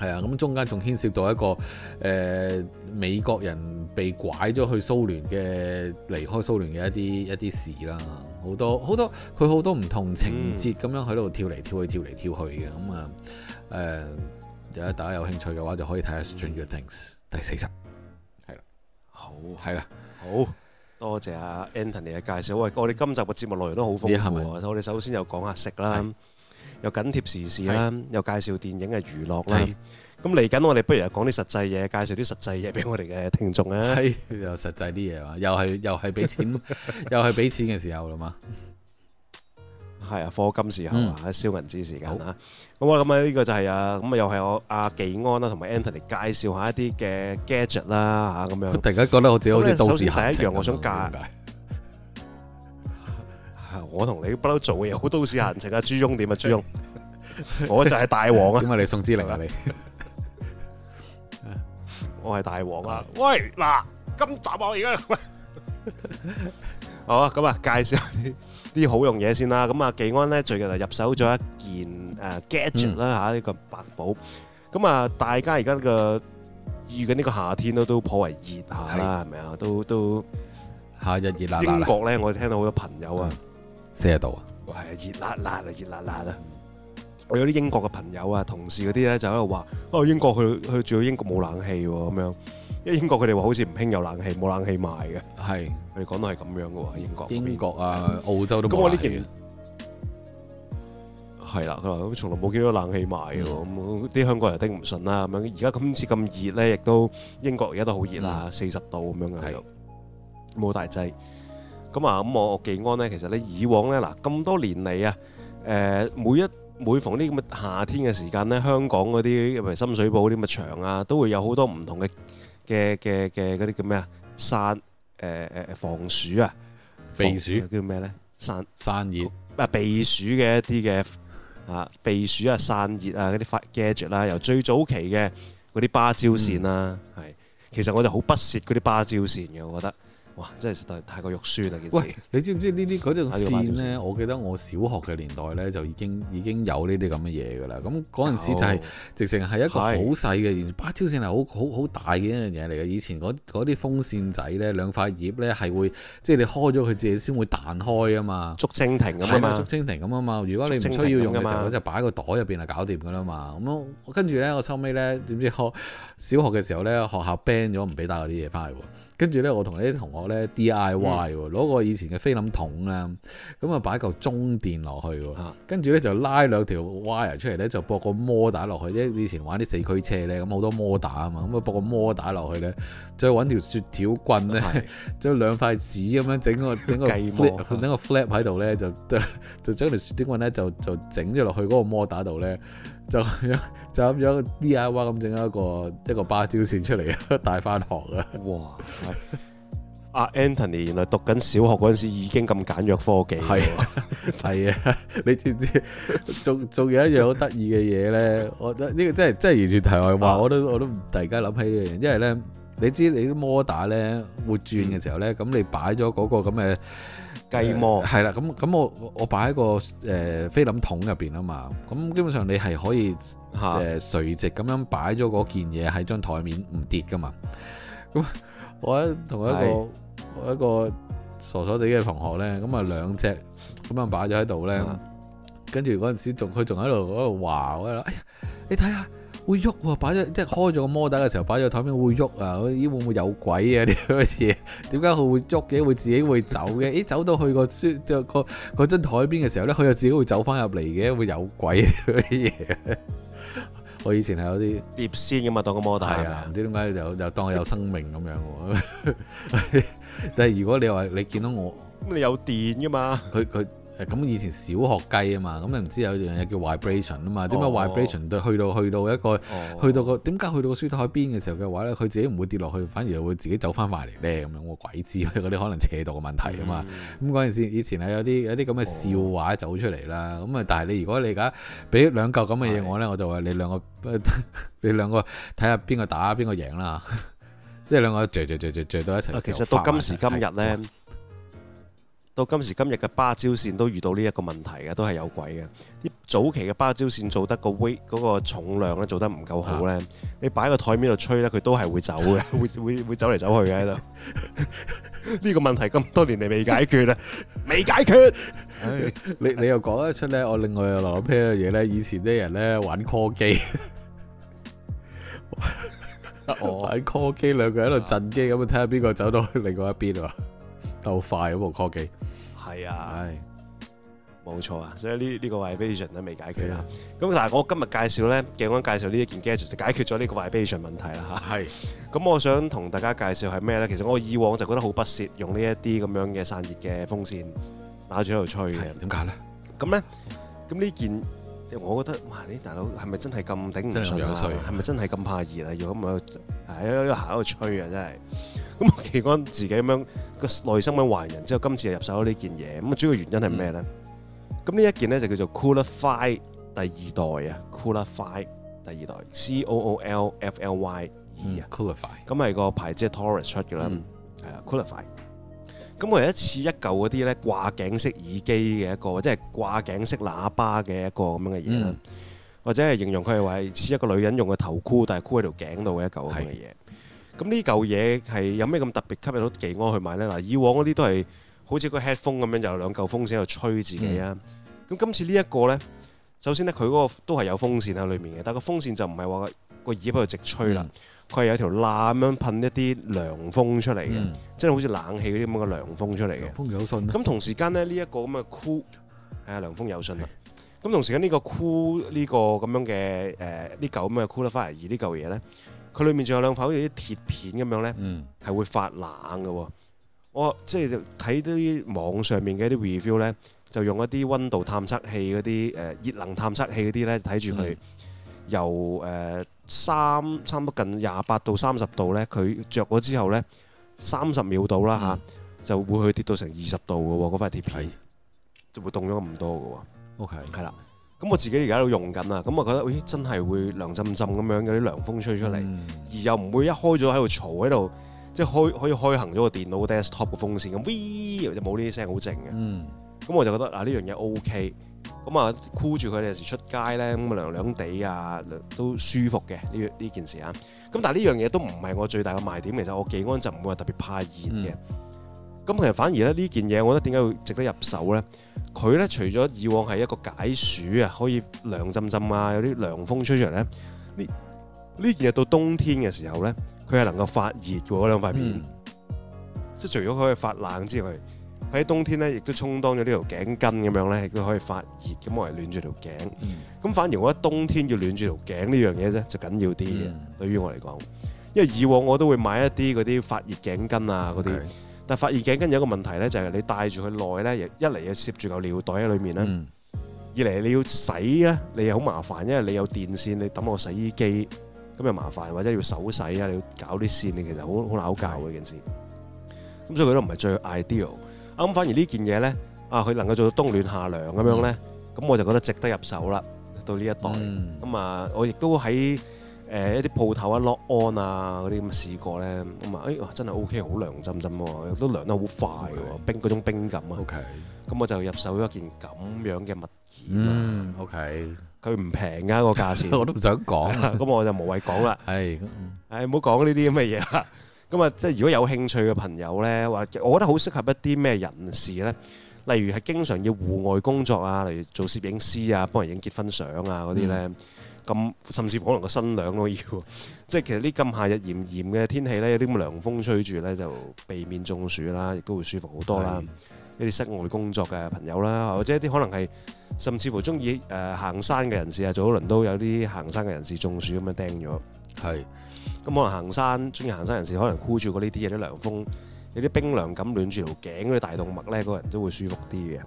係啊，咁中間仲牽涉到一個誒、呃、美國人被拐咗去蘇聯嘅，離開蘇聯嘅一啲一啲事啦，好多好多佢好多唔同情節咁樣喺度跳嚟跳去，嗯、跳嚟跳去嘅，咁啊誒，如、呃、果大家有興趣嘅話，就可以睇下《Stranger Things》第四集，係啦，好，係啦了，好多謝阿 Anthony 嘅介紹。喂，我哋今集嘅節目內容都好豐富，是是我哋首先又講下食啦。的又緊貼時事啦，又介紹電影嘅娛樂啦。咁嚟緊，我哋不如講啲實際嘢，介紹啲實際嘢俾我哋嘅聽眾啊。係又實際啲嘢嘛。又係又係俾錢，又係俾錢嘅時候啦嘛。係啊，課金時候啊，燒銀紙時間啊。咁啊，咁啊，呢個就係啊，咁啊，又係我阿紀安啦，同埋 Anthony 介紹下一啲嘅 gadget 啦嚇咁樣。突然間覺得我自己好似到時第一樣，我想講。我同你不嬲做嘢，好都市閒情啊！朱翁點啊？朱翁，我就係大王啊！點啊？你宋之靈啊？你，我係大王啊！喂，嗱，今集我而家， <laughs> 好啊！咁啊，介紹下啲好用嘢先啦。咁啊，紀安咧最近啊入手咗一件誒 gadget 啦吓，呢、這個白寶。咁啊、嗯，大家而家個預緊呢個夏天都頗熱是是是都頗為熱下熱啦，係咪啊？都都夏日熱辣辣。英國咧，嗯、我聽到好多朋友啊。嗯四十度啊！係啊，熱辣辣啊，熱辣辣啊！嗯、我有啲英國嘅朋友啊、同事嗰啲咧，就喺度話，哦，英國去佢住英國冇冷氣，咁樣。因為英國佢哋話好似唔興有冷氣，冇冷氣賣嘅。係是，佢哋講到係咁樣嘅喎，英國。英國啊，澳洲都咁。我呢件？係啦、嗯，佢話從來冇見到冷氣賣，咁啲、嗯、香港人頂唔順啦。咁樣，而家今次咁熱咧，亦都英國而家都好熱啦，四十度咁樣嘅，冇的是大劑。咁啊，咁、嗯、我技安咧，其實咧以往咧，嗱咁多年嚟啊，誒、呃、每一每逢啲咁嘅夏天嘅時間咧，香港嗰啲譬如深水埗啲咁嘅場啊，都會有好多唔同嘅嘅嘅嘅嗰啲叫咩啊，散誒誒防暑啊，避暑、啊暑，啊暑啊、叫咩咧？散散熱啊，避暑嘅一啲嘅啊，避暑啊，散熱啊，嗰啲發 gadget 啦、啊，由最早期嘅嗰啲芭蕉扇啦，係、嗯、其實我就好不屑嗰啲芭蕉扇嘅，我覺得。哇！真係實在太過肉酸啦、啊、～喂，你知唔知種呢啲嗰陣線咧？我記得我小學嘅年代咧，就已經已經有呢啲咁嘅嘢噶啦。咁嗰陣時就係、是、有直情係一個好細嘅，而芭是蕉扇係好好好大嘅一樣嘢嚟嘅。以前嗰啲風扇仔咧，兩塊葉咧係會即係、就是、你開咗佢自己先會彈開啊嘛。竹蜻蜓咁啊嘛，竹蜻蜓咁啊嘛。如果，嘛如果你唔需要用嘅時候，就擺喺個袋入邊啊，搞掂噶啦嘛。咁、嗯、跟住咧，我收尾咧點知小學嘅時候咧，學校 ban 咗唔俾帶嗰啲嘢翻嚟喎。跟住咧，我同啲同學咧 DIY 喎，攞個以前嘅菲林桶啦，咁啊擺嚿中電落去喎，跟住咧就拉兩條 wire 出嚟咧，就駁個摩打落去，因為以前玩啲四驅車咧，咁好多摩打啊嘛，咁啊駁個摩打落去咧，再揾條雪條棍咧，就的兩塊紙咁樣整個整個 flap 喺度咧，就就將條雪條棍咧就就整咗落去嗰個摩打度咧。就咁，就咁樣 D I Y 咁整一個一個芭蕉扇出嚟，帶翻學啊！哇！阿 <laughs> Anthony 原來讀緊小學嗰陣時已經咁簡約科技，係啊！你知唔知？仲仲有一樣好得意嘅嘢咧， <laughs> 我覺得呢個真係真係完全題外話。啊、我都我都唔突然間諗起，呢樣嘢，因為咧你知你啲摩打咧會轉嘅時候咧，咁、嗯、你擺咗嗰個咁嘅。雞毛係啦，咁咁、嗯、我我擺喺個誒、呃、菲林桶入邊啊嘛，咁基本上你係可以誒、啊呃、垂直咁樣擺咗嗰件嘢喺張台面唔跌噶嘛，咁我喺同一個是我一個傻傻哋嘅同學咧，咁啊兩隻咁樣擺咗喺度咧，啊、跟住嗰陣時仲佢仲喺度度話我話，哎呀你睇下。會喐喎、啊，擺咗即係開咗個摩打嘅時候，擺咗台面會喐啊！咦，會唔會有鬼啊？呢啲嘢，點解佢會喐嘅、啊？會自己會走嘅、啊？咦， <laughs> 走到去、個書即係張台邊嘅時候咧，佢又自己會走翻入嚟嘅？會有鬼嗰啲嘢？我以前係有啲碟仙噶嘛，當個摩打係啊，唔知點解就又當我有生命咁樣。 <laughs> 但係如果你話你見到我，你有電噶嘛？佢佢。咁以前小學雞啊嘛，咁你唔知有樣嘢叫 vibration 啊嘛，點解 vibration 對去到去到一個，去到個點解去到個書台邊嘅時候嘅話咧，佢自己唔會跌落去，反而會自己走翻埋嚟咧咁樣，我鬼知嗰啲可能斜度嘅問題啊嘛。咁嗰陣時以前係有啲有啲咁嘅笑話走出嚟啦。咁啊，但係你如果你而家俾兩嚿咁嘅嘢我咧，我就話你兩個，你兩個睇下邊個打邊個贏啦，即係兩個追追追追追到一齊。其實到今時今日咧。到今時今日嘅芭蕉線都遇到呢一個問題嘅，都係有鬼嘅。啲早期嘅芭蕉線做得個 weight 嗰個重量咧做得唔夠好咧，啊、你擺喺個台面度吹咧，佢都係會走嘅，會會會走嚟走去嘅喺度。呢 <laughs> 個問題咁多年嚟未解決啊，未解決。你你又講得出咧？我另外又流流啤嘅嘢咧，以前啲人咧玩 call 機，玩 call 機，兩 <laughs> 個喺度震機，咁啊睇下邊個走到去另外一邊喎。得好快啊！部科技，係啊，係，冇錯啊，所以呢呢個 vibration 都未解決啦。咁但係我今日介紹咧，鏡光介紹呢一件 gadget 就解決咗呢個 vibration 問題啦。吓，係。咁我想同大家介紹係咩咧？其實我以往就覺得好不屑用呢一啲咁樣嘅散熱嘅風扇，打住喺度吹嘅。點解咧？咁咧？咁呢件，我覺得哇！你大佬係咪真係咁頂唔順啊？係咪真係咁怕熱啊？要咁啊喺喺度行喺度吹啊！真係。咁奇怪自己咁樣個內心咁壞人，之後今次又入手呢件嘢，咁主要原因係咩咧？咁呢、嗯、一件咧就叫做 Coolify 第二代啊，Coolify 第二代，C O O L F L Y E 啊，Coolify、嗯。咁 cool 係個牌子係 Taurus 出嘅啦，係啊，Coolify。咁我、cool 嗯、有一次一舊嗰啲咧掛頸式耳機嘅一個，即係掛頸式喇叭嘅一個咁樣嘅嘢啦，或者係形容佢係話似一個女人用個頭箍，但係箍喺條頸度嘅一舊咁嘅嘢。咁呢嚿嘢係有咩咁特別吸引到技安去買咧？嗱，以往嗰啲都係好似個 headphone 咁樣，有兩嚿風扇喺度吹自己啊。咁、嗯、今次呢一個咧，首先咧佢嗰個都係有風扇喺裏面嘅，但個風扇就唔係話個耳喺度直吹啦，佢係、嗯、有條罅咁樣噴一啲涼風出嚟嘅，即係、嗯、好似冷氣嗰啲咁嘅涼風出嚟嘅。風有信。咁同時間咧呢一、這個咁嘅酷，係啊涼風有信啦。咁 <laughs> 同時間呢個 cool 呢個咁樣嘅誒呢嚿咁嘅 Coolify 二呢嚿嘢咧。佢裏面仲有兩塊好似啲鐵片咁樣呢，係、嗯、會發冷嘅。我即係睇到啲網上面嘅啲 review 呢，就用一啲溫度探測器嗰啲誒熱能探測器嗰啲呢，睇住佢由誒三、呃、差唔多近廿八到三十度呢，佢着咗之後呢，三十秒到啦嚇，嗯、就會去跌到成二十度嘅喎，嗰塊鐵片是就會凍咗咁多嘅喎。OK，係啦。咁我自己而家都用緊啊，咁我覺得咦真係會涼浸浸咁樣嘅啲涼風吹出嚟，嗯、而又唔會一開咗喺度嘈喺度，即係開可以開行咗個電腦 desktop 個風扇咁，嗚就冇呢啲聲好靜嘅。咁、嗯嗯、我就覺得啊呢樣嘢 O K，咁啊箍住佢哋有時出街咧咁啊涼涼地啊，涼涼啊都舒服嘅呢呢件事啊。咁但係呢樣嘢都唔係我最大嘅賣點，其實我幾安就唔會話特別怕熱嘅。咁、嗯、其實反而咧呢件嘢，我覺得點解會值得入手咧？佢咧，除咗以往係一個解暑啊，可以涼浸浸啊，有啲涼風吹出嚟咧。呢呢件嘢到冬天嘅時候咧，佢係能夠發熱嗰兩塊面，嗯、即係除咗佢可以發冷之外，喺冬天咧亦都充當咗呢條頸巾咁樣咧，亦都可以發熱咁，我係暖住條頸。咁、嗯、反而我覺得冬天要暖住條頸呢樣嘢咧，就緊要啲。嘅、嗯。對於我嚟講，因為以往我都會買一啲嗰啲發熱頸巾啊嗰啲。但係發熱鏡跟住有一個問題咧，就係、是、你戴住佢耐咧，一嚟要攝住個尿袋喺裏面咧；嗯、二嚟你要洗咧，你又好麻煩，因為你有電線，你抌我洗衣機咁又麻煩，或者要手洗啊，你要搞啲線，你其實好好攪教嘅件事。咁所以佢都唔係最 ideal。咁反而呢件嘢咧，啊，佢能夠做到冬暖夏涼咁樣咧，咁、嗯、我就覺得值得入手啦。到呢一代，咁啊、嗯嗯，我亦都喺。誒、呃、一啲鋪頭啊，Lock On 啊，嗰啲咁試過咧，咁、哎 OK，啊，哎真係 O K，好涼浸浸喎，都涼得好快喎、啊，Okay. 冰嗰種冰感啊。OK，咁我就入手咗一件咁樣嘅物件啊。嗯、OK，佢唔平㗎個價錢， <laughs> 我都唔想講啦。咁、 <laughs> 啊、我就無謂講啦。係， <laughs> 誒唔好講呢啲咁嘅嘢啦。咁、哎、啊，即係如果有興趣嘅朋友咧，話我覺得好適合一啲咩人士咧，例如係經常要戶外工作啊，例如做攝影師啊，幫人影結婚相啊嗰啲咧。咁，甚至可能個新娘都要，即係其實呢咁夏日炎炎嘅天氣咧，有啲咁涼風吹住咧，就避免中暑啦，亦都會舒服好多啦。一啲室外工作嘅朋友啦，或者一啲可能係，甚至乎中意誒行山嘅人士啊，早輪都有啲行山嘅人士中暑咁樣釘咗。係，咁可能行山中意行山人士，可能箍住過呢啲嘢啲涼風，有啲冰涼咁暖住條頸嗰啲大動脈咧，個人都會舒服啲嘅。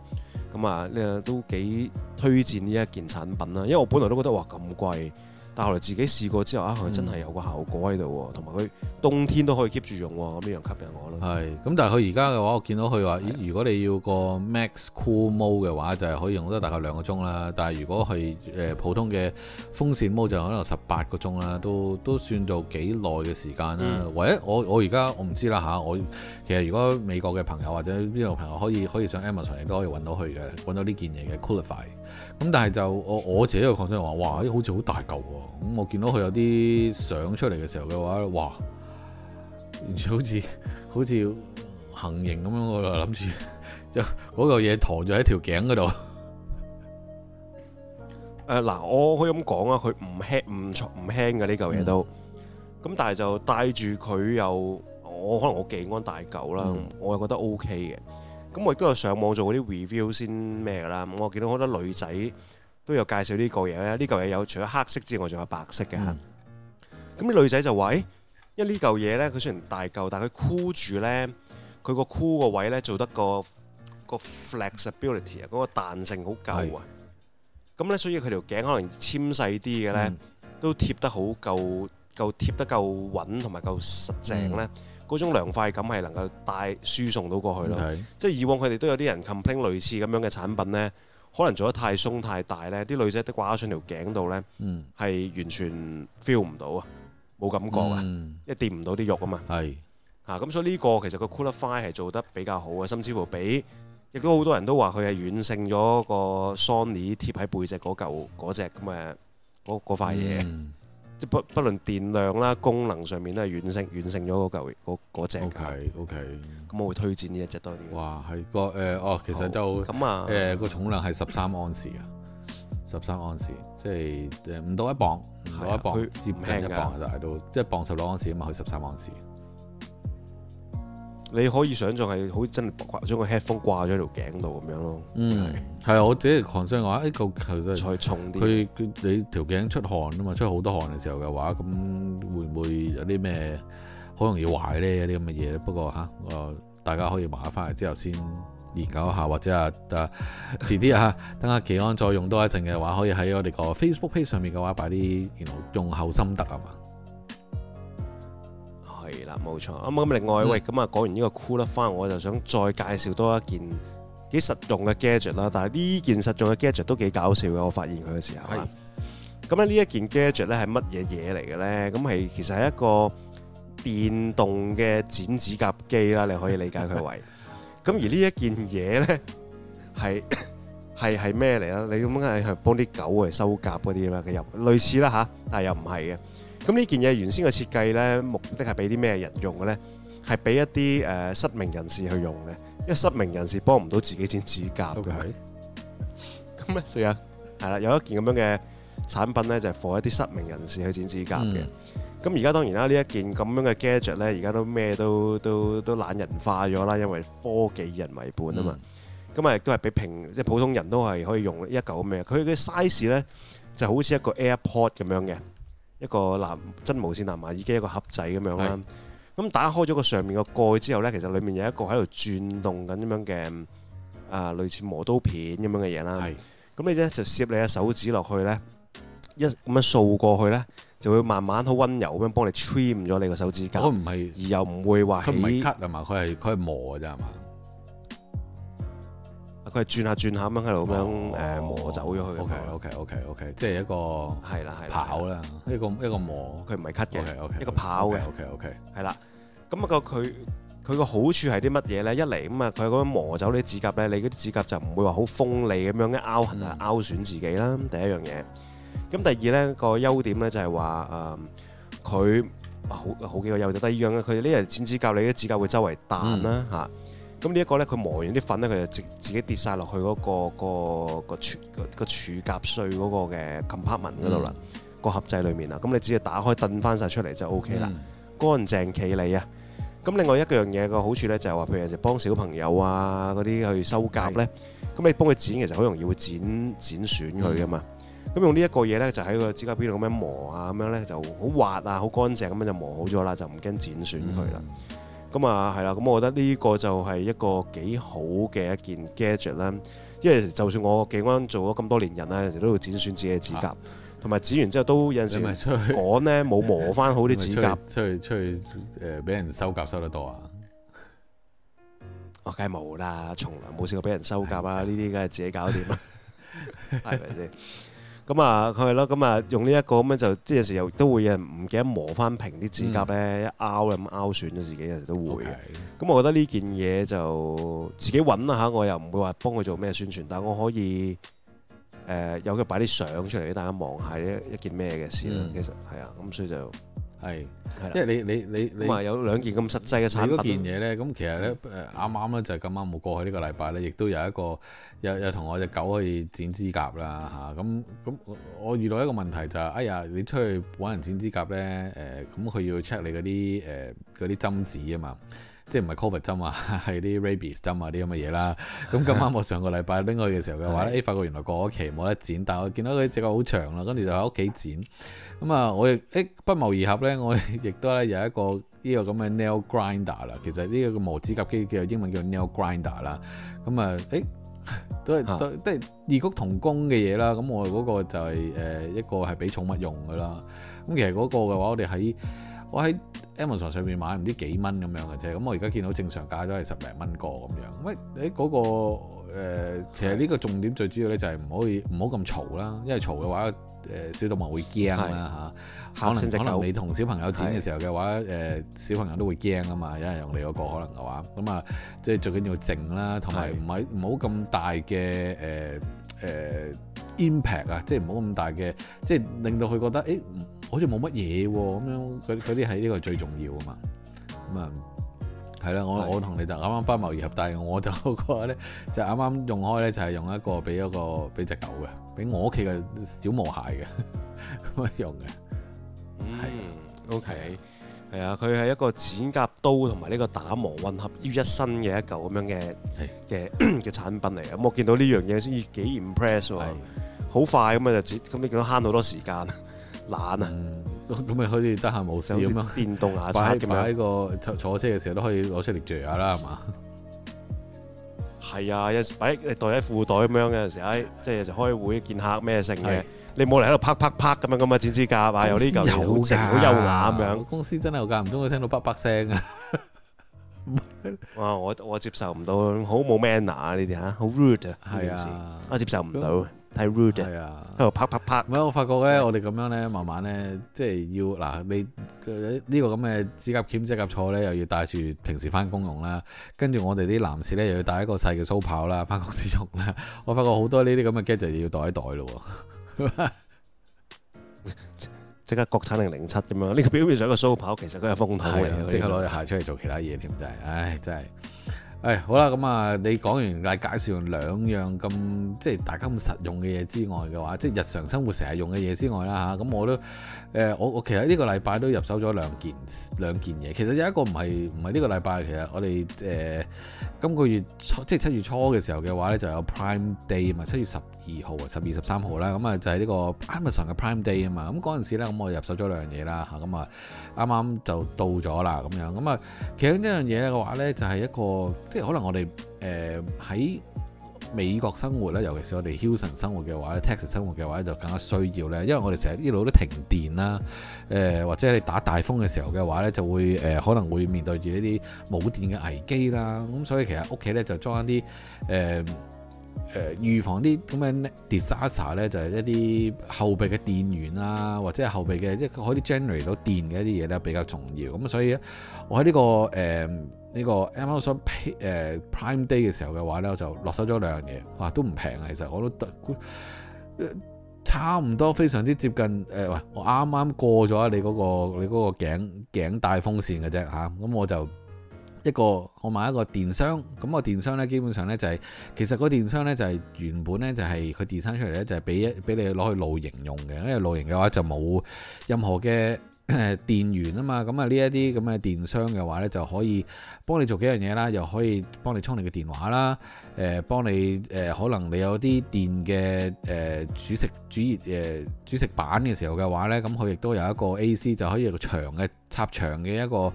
咁啊，呢都幾推薦呢一件產品啦，因為我本來都覺得哇咁貴。但係後來自己試過之後，啊、嗯，佢真係有個效果喺度，同埋佢冬天都可以 keep 住用，咁一樣吸引我咯。係，咁但係佢而家嘅話，我見到佢話，咦，如果你要個 Max Cool Mode 嘅話，就係、是、可以用得大概兩個鐘啦。但係如果係誒、呃、普通嘅風扇 Mode，就可能十八個鐘啦，都都算做幾耐嘅時間啦。嗯、或者我我而家我唔知啦嚇，我，我，我、啊、我其實如果美國嘅朋友或者呢度朋友可以可以上 Amazon 嚟都可以揾到佢嘅，揾到呢件嘢嘅 Coolify。咁但係就我我自己個抗生素話，哇！好似好大嚿喎、啊，咁我見到佢有啲相出嚟嘅時候嘅話，哇！然之後好似好似行刑咁樣，我就諗住、嗯、 <laughs> 就嗰嚿嘢陀咗喺條頸嗰度。誒嗱，我可以咁講啊，佢唔輕唔唔輕嘅呢嚿嘢都，咁、嗯、但係就帶住佢又，我可能我寄安大嚿啦，嗯、我又覺得 O K 嘅。咁我都有上網做嗰啲 review 先咩㗎啦，咁我見到好多女仔都有介紹呢嚿嘢咧，呢嚿嘢有除咗黑色之外，仲有白色嘅嚇。咁啲、嗯、女仔就話：一、欸、因為呢嚿嘢咧，佢雖然大嚿，但佢箍住咧，佢個箍個位咧做得個個 flexibility 啊，嗰個彈性好夠啊。咁咧、嗯，所以佢條頸可能纖細啲嘅咧，都貼得好夠夠貼得夠穩同埋夠實淨咧。嗯嗰種涼快感係能夠帶輸送到過去咯， <music> 即係以往佢哋都有啲人 complain 類似咁樣嘅產品呢，可能做得太鬆太大呢，啲女仔都掛咗上條頸度呢，係完全 feel 唔到啊，冇感覺啊，因為掂唔到啲肉啊嘛，嚇，咁所以呢個其實個 coolify 係做得比較好嘅，甚至乎比亦都好多人都話佢係遠勝咗個 Sony 貼喺背脊嗰嚿嗰隻咁嘅嗰嗰塊嘢。不不論電量啦，功能上面都係完勝完勝咗嗰嚿嗰隻 O K 咁我會推薦呢一隻多啲。哇，係個誒，哦，其實就咁誒個重量係十三安士啊。十三安士，即係誒唔到一磅，唔到一磅，接近一磅就係度，即係磅十六安士啊嘛，佢十三安士。你可以想象係好似真係將個 headphone 掛咗喺條頸度咁樣咯。嗯，係、啊欸，啊，我自己嘅 concern 係話，誒個其實再重啲。佢你條頸出汗啊嘛，出好多汗嘅時候嘅話，咁會唔會有啲咩好容易壞咧？啲咁嘅嘢咧。不過嚇，誒大家可以買翻嚟之後先研究一下，或者啊啊遲啲啊，等阿健安再用多一陣嘅話，可以喺我哋個 Facebook page 上面嘅話擺啲用後心得啊嘛。啦，冇錯。咁啊，另外、嗯、喂，咁啊講完呢個 Cooler Fun，我就想再介紹多一件幾實用嘅 Gadget 啦。但係呢件實用嘅 Gadget 都幾搞笑嘅，我發現佢嘅時候。係。咁咧呢一件 Gadget 咧係乜嘢嘢嚟嘅咧？咁係其實係一個電動嘅剪指甲機啦，你可以理解佢為。咁 <laughs> 而呢一件嘢咧係係係咩嚟啦？你咁係幫啲狗嚟修甲嗰啲啦，佢又類似啦嚇、啊，但係又唔係嘅。咁呢件嘢原先嘅設計呢，目的係俾啲咩人用嘅呢？係俾一啲誒、呃、失明人士去用嘅，因為失明人士幫唔到自己剪指甲嘅。咁啊，成日係啦，有一件咁樣嘅產品呢，就係、是、for 一啲失明人士去剪指甲嘅。咁而家當然啦，呢一件咁樣嘅 gadget 呢，而家都咩都都都，都懶人化咗啦，因為科技以人為本啊嘛。咁啊、嗯，亦都係俾平即係普通人都係可以用一嚿咁樣。佢嘅 size 呢，就好似一個 AirPod 咁樣嘅。一個藍真無線藍牙，耳機一個盒仔咁樣啦，咁是的 打開咗個上面個蓋之後咧，其實裡面有一個喺度轉動緊咁樣嘅啊，類似磨刀片咁樣嘅嘢啦。咁是的 你咧就攝你嘅手指落去咧，一咁樣掃過去咧，就會慢慢好温柔咁樣幫你 trim 咗你個手指甲。佢唔係，而又唔會話佢唔係 cut 嘛，佢係佢係磨嘅啫係嘛。佢轉下轉下咁樣喺度咁樣誒磨走咗去。O K O K O K O K，即係一個係啦，係跑啦，一個一個磨，佢唔係 cut 嘅，okay, okay, 一個跑嘅。O K O K 係啦，咁、那、啊個佢佢個好處係啲乜嘢咧？一嚟咁啊，佢咁樣磨走你啲指甲咧，你嗰啲指甲就唔會話好鋒利咁樣嘅。拗痕啊拗損自己啦。第一樣嘢，咁第二咧個優點咧就係話誒，佢、呃、好好幾個優點。第二樣咧，佢呢日剪指甲，你啲指甲會周圍彈啦嚇。嗯咁呢一個咧，佢磨完啲粉咧，佢就自自己跌晒落去嗰、嗰個、嗰個、嗰個柱、嗰個柱甲碎嗰個嘅 compartment 嗰度啦，個、嗯、盒仔裏面啊。咁你只要打開掟翻晒出嚟就 OK 啦，嗯、乾淨企理啊。咁另外一樣嘢個好處咧，就係、是、話譬如就幫小朋友啊嗰啲去修甲咧，咁是你幫佢剪其實好容易會剪剪損佢噶嘛。咁、嗯、用呢一個嘢咧，就喺個指甲邊度咁樣磨啊，咁樣咧就好滑啊，好乾淨咁樣就磨好咗啦，就唔驚剪損佢啦。嗯咁啊，係啦，咁我覺得呢個就係一個幾好嘅一件 gadget 啦。因為就算我幾番做咗咁多年人啦，有陣時都會剪損自己嘅指甲，同埋、啊、剪完之後都有陣時趕呢，冇磨翻好啲指甲。出去出去誒，俾、呃、人修甲修得多啊？我梗係冇啦，從來冇試過俾人修甲啊！呢啲梗係自己搞掂啦，係咪先？咁啊，佢係咯，咁啊，用呢、這、一個咁樣就，即係有時又都會有人唔記得磨翻平啲指甲咧，一拗咁拗損咗自己，有時都會。咁 okay.、嗯、我覺得呢件嘢就自己揾下，我又唔會話幫佢做咩宣傳，但係我可以誒、呃、有佢擺啲相出嚟，俾大家望下一一件咩嘅事啦。嗯、其實係啊，咁、嗯、所以就。係，因為你你你同埋有兩件咁實際嘅產品。嗰件嘢咧，咁其實咧誒啱啱咧就係咁啱我過去呢個禮拜咧，亦都有一個又又同我隻狗去剪指甲啦嚇。咁、啊、咁我遇到一個問題就係、是，哎呀你出去揾人剪指甲咧誒，咁、呃、佢要 check 你嗰啲誒啲針紙啊嘛。即係唔係 COVID 針啊，係啲 rabies 針啊啲咁嘅嘢啦。咁 <laughs> 今晚我上個禮拜拎去嘅時候嘅話咧，誒 <laughs> 的發覺原來過咗期冇得剪，但係我見到佢隻腳好長啦，跟住就喺屋企剪。咁啊，我亦誒不謀而合咧，我亦都咧有一個呢個咁嘅 nail grinder 啦。其實呢個磨指甲機叫英文叫 nail grinder 啦。咁、欸、啊，誒都係都都係異曲同工嘅嘢啦。咁我嗰個就係誒一個係俾寵物用嘅啦。咁其實嗰個嘅話，我哋喺我喺 Amazon 上面買唔知幾蚊咁樣嘅啫，咁我而家見到正常價都係十零蚊，欸嗰個咁樣。喂、呃，喺嗰個其實呢個重點最主要咧就係唔可以唔好咁嘈啦，因為嘈嘅話誒、呃，小動物會驚啦嚇。可能可能你同小朋友剪嘅時候嘅話，誒是、呃、小朋友都會驚啊嘛，有人用你嗰個可能嘅話，咁啊即係最緊要靜啦，同埋唔係唔好咁大嘅誒誒 impact 啊，即係唔好咁大嘅，即係令到佢覺得誒。欸好似冇乜嘢喎，咁樣嗰啲係呢個最重要啊嘛，咁啊係啦，我我同你就啱啱不謀而合，但係我就覺得咧就啱啱用開咧就係、是、用一個俾一個俾隻狗嘅，俾我屋企嘅小毛孩嘅咁樣用嘅，係、嗯、OK 係啊，佢係一個剪甲刀同埋呢個打磨混合於一身嘅一嚿咁樣嘅嘅嘅產品嚟，咁我見到呢樣嘢先幾 impress 喎，好的快咁啊就剪，咁你見到慳好多時間。懶啊，咁咪可以得閒冇事咁啊，電動牙刷嘅，喺個坐坐車嘅時候都可以攞出嚟嚼下啦，係嘛？係啊，有擺袋喺褲袋咁樣嘅時候喺即係有時開會見客咩性嘅，你冇嚟喺度啪啪啪咁樣咁啊剪指甲啊，有啲嘢好靜好優雅咁樣。公司真係我間唔中會聽到啪啪聲啊！哇，我我接受唔到，好冇 man 啊呢啲吓，好 rude 係啊，我接受唔到。睇 r u d e 嘅，喺度啪啪啪。唔我發覺咧，我哋咁樣咧，慢慢咧，即係要嗱、啊，你呢、呃這個咁嘅指甲鉗、指甲銼咧，又要帶住平時翻工用啦。跟住我哋啲男士咧，又要帶一個細嘅蘇跑啦，翻公司用啦。我發覺好多呢啲咁嘅 gadget 就要袋一袋咯。即 <laughs> 刻國產零零七咁樣，呢、這個表面上一個蘇跑其實都係風筒嚟嘅，即刻攞隻鞋出嚟做其他嘢添，就係，唉、哎、真係。誒好啦，咁啊，你講完介紹兩樣咁即係大家咁實用嘅嘢之外嘅話，即係日常生活成日用嘅嘢之外啦吓，咁、啊、我都誒、呃、我我其實呢個禮拜都入手咗兩件兩件嘢。其實有一個唔係唔係呢個禮拜，其實我哋誒、呃、今個月初即係七月初嘅時候嘅話咧，就有 Prime Day 啊嘛，七月十二號啊，十二十三號啦，咁啊就係呢個 Amazon 嘅 Prime Day 啊嘛。咁嗰陣時咧，咁我入手咗兩樣嘢啦嚇，咁啊啱啱就到咗啦咁樣。咁啊，其實呢樣嘢嘅話咧，就係、是、一個。即係可能我哋誒喺美國生活咧，尤其是我哋 Houston 生活嘅話咧，Texas 生活嘅話咧，就更加需要咧，因為我哋成日呢度都停電啦，誒、呃、或者你打大風嘅時候嘅話咧，就會誒、呃、可能會面對住呢啲冇電嘅危機啦，咁所以其實屋企咧就裝一啲誒。呃誒，預防啲咁嘅 disaster 咧，就係一啲後備嘅電源啊，或者係後備嘅即係可以 generate 到電嘅一啲嘢咧，比較重要。咁所以我喺呢、這個誒呢、呃這個 Amazon 誒 Prime Day 嘅時候嘅話咧，我就落手咗兩樣嘢，哇，都唔平啊！其實我都差唔多非常之接近誒、呃，我啱啱過咗你嗰、那個你嗰個頸頸帶風扇嘅啫吓，咁、啊、我就。一個我買一個電箱，咁、那個電箱呢，基本上呢、就是，就係其實個電箱呢，就係原本呢，就係佢電商出嚟呢，就係俾一俾你攞去露營用嘅，因為露營嘅話就冇任何嘅電源啊嘛，咁啊呢一啲咁嘅電箱嘅話呢，就可以幫你做幾樣嘢啦，又可以幫你充你嘅電話啦，誒幫你誒可能你有啲電嘅誒煮食煮熱煮食板嘅時候嘅話呢，咁佢亦都有一個 AC 就可以有個長嘅插長嘅一個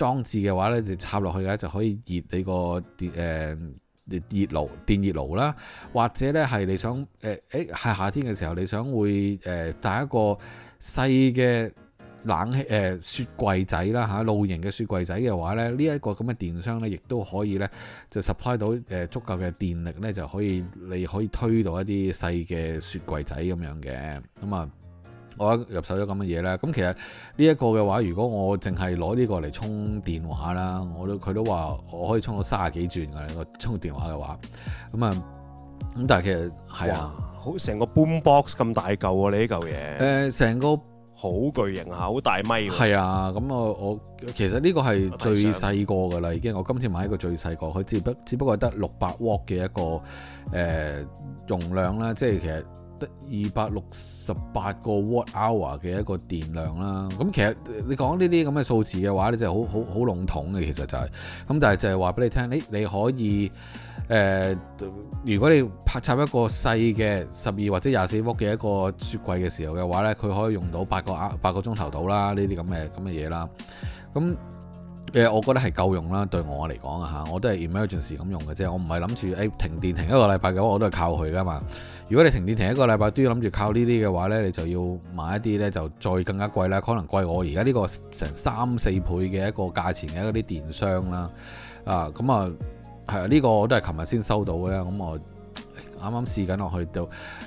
裝置嘅話呢，就插落去嘅就可以熱你個、呃、電誒熱熱爐電熱爐啦，或者呢，係你想誒誒係夏天嘅時候，你想會誒帶、呃、一個細嘅冷氣誒、呃、雪櫃仔啦嚇、啊，露營嘅雪櫃仔嘅話呢，呢、這、一個咁嘅電箱呢，亦都可以呢，就 supply 到誒、呃、足夠嘅電力呢，就可以你可以推到一啲細嘅雪櫃仔咁樣嘅，咁啊。我入手咗咁嘅嘢啦。咁其實呢一個嘅話，如果我淨係攞呢個嚟充電話啦，我都佢都話我可以充到三十幾轉嘅，充電話嘅話，咁哇啊，咁但係其實係啊，好成個 boom box 咁大嚿你呢嚿嘢。誒、呃，成個好巨型啊，好大咪。係啊，咁、啊、我我其實呢個係最細個噶啦，看已經。我今次買一個最細個，佢只不只不過得六百瓦嘅一個誒、呃、容量啦，即係其實。二百六十八個 watt hour 嘅一個電量啦，咁其實你講呢啲咁嘅數字嘅話咧，就係好好好籠統嘅，其實就係，咁、就是、但係就係話俾你聽，誒你,你可以，誒、呃、如果你拍插一個細嘅十二或者廿四伏嘅一個雪櫃嘅時候嘅話呢佢可以用到八個亞八個鐘頭到啦，呢啲咁嘅咁嘅嘢啦，咁。誒，我覺得係夠用啦，對我嚟講啊嚇，我都係 emergency 咁用嘅啫，我唔係諗住誒停電停一個禮拜嘅我都係靠佢噶嘛。如果你停電停一個禮拜都要諗住靠呢啲嘅話呢，你就要買一啲呢，就再更加貴啦，可能貴我而家呢個成三四倍嘅一個價錢嘅一啲電商啦。啊，咁啊係啊，呢個我都係琴日先收到嘅啦，咁、嗯、我。啱啱試緊落去，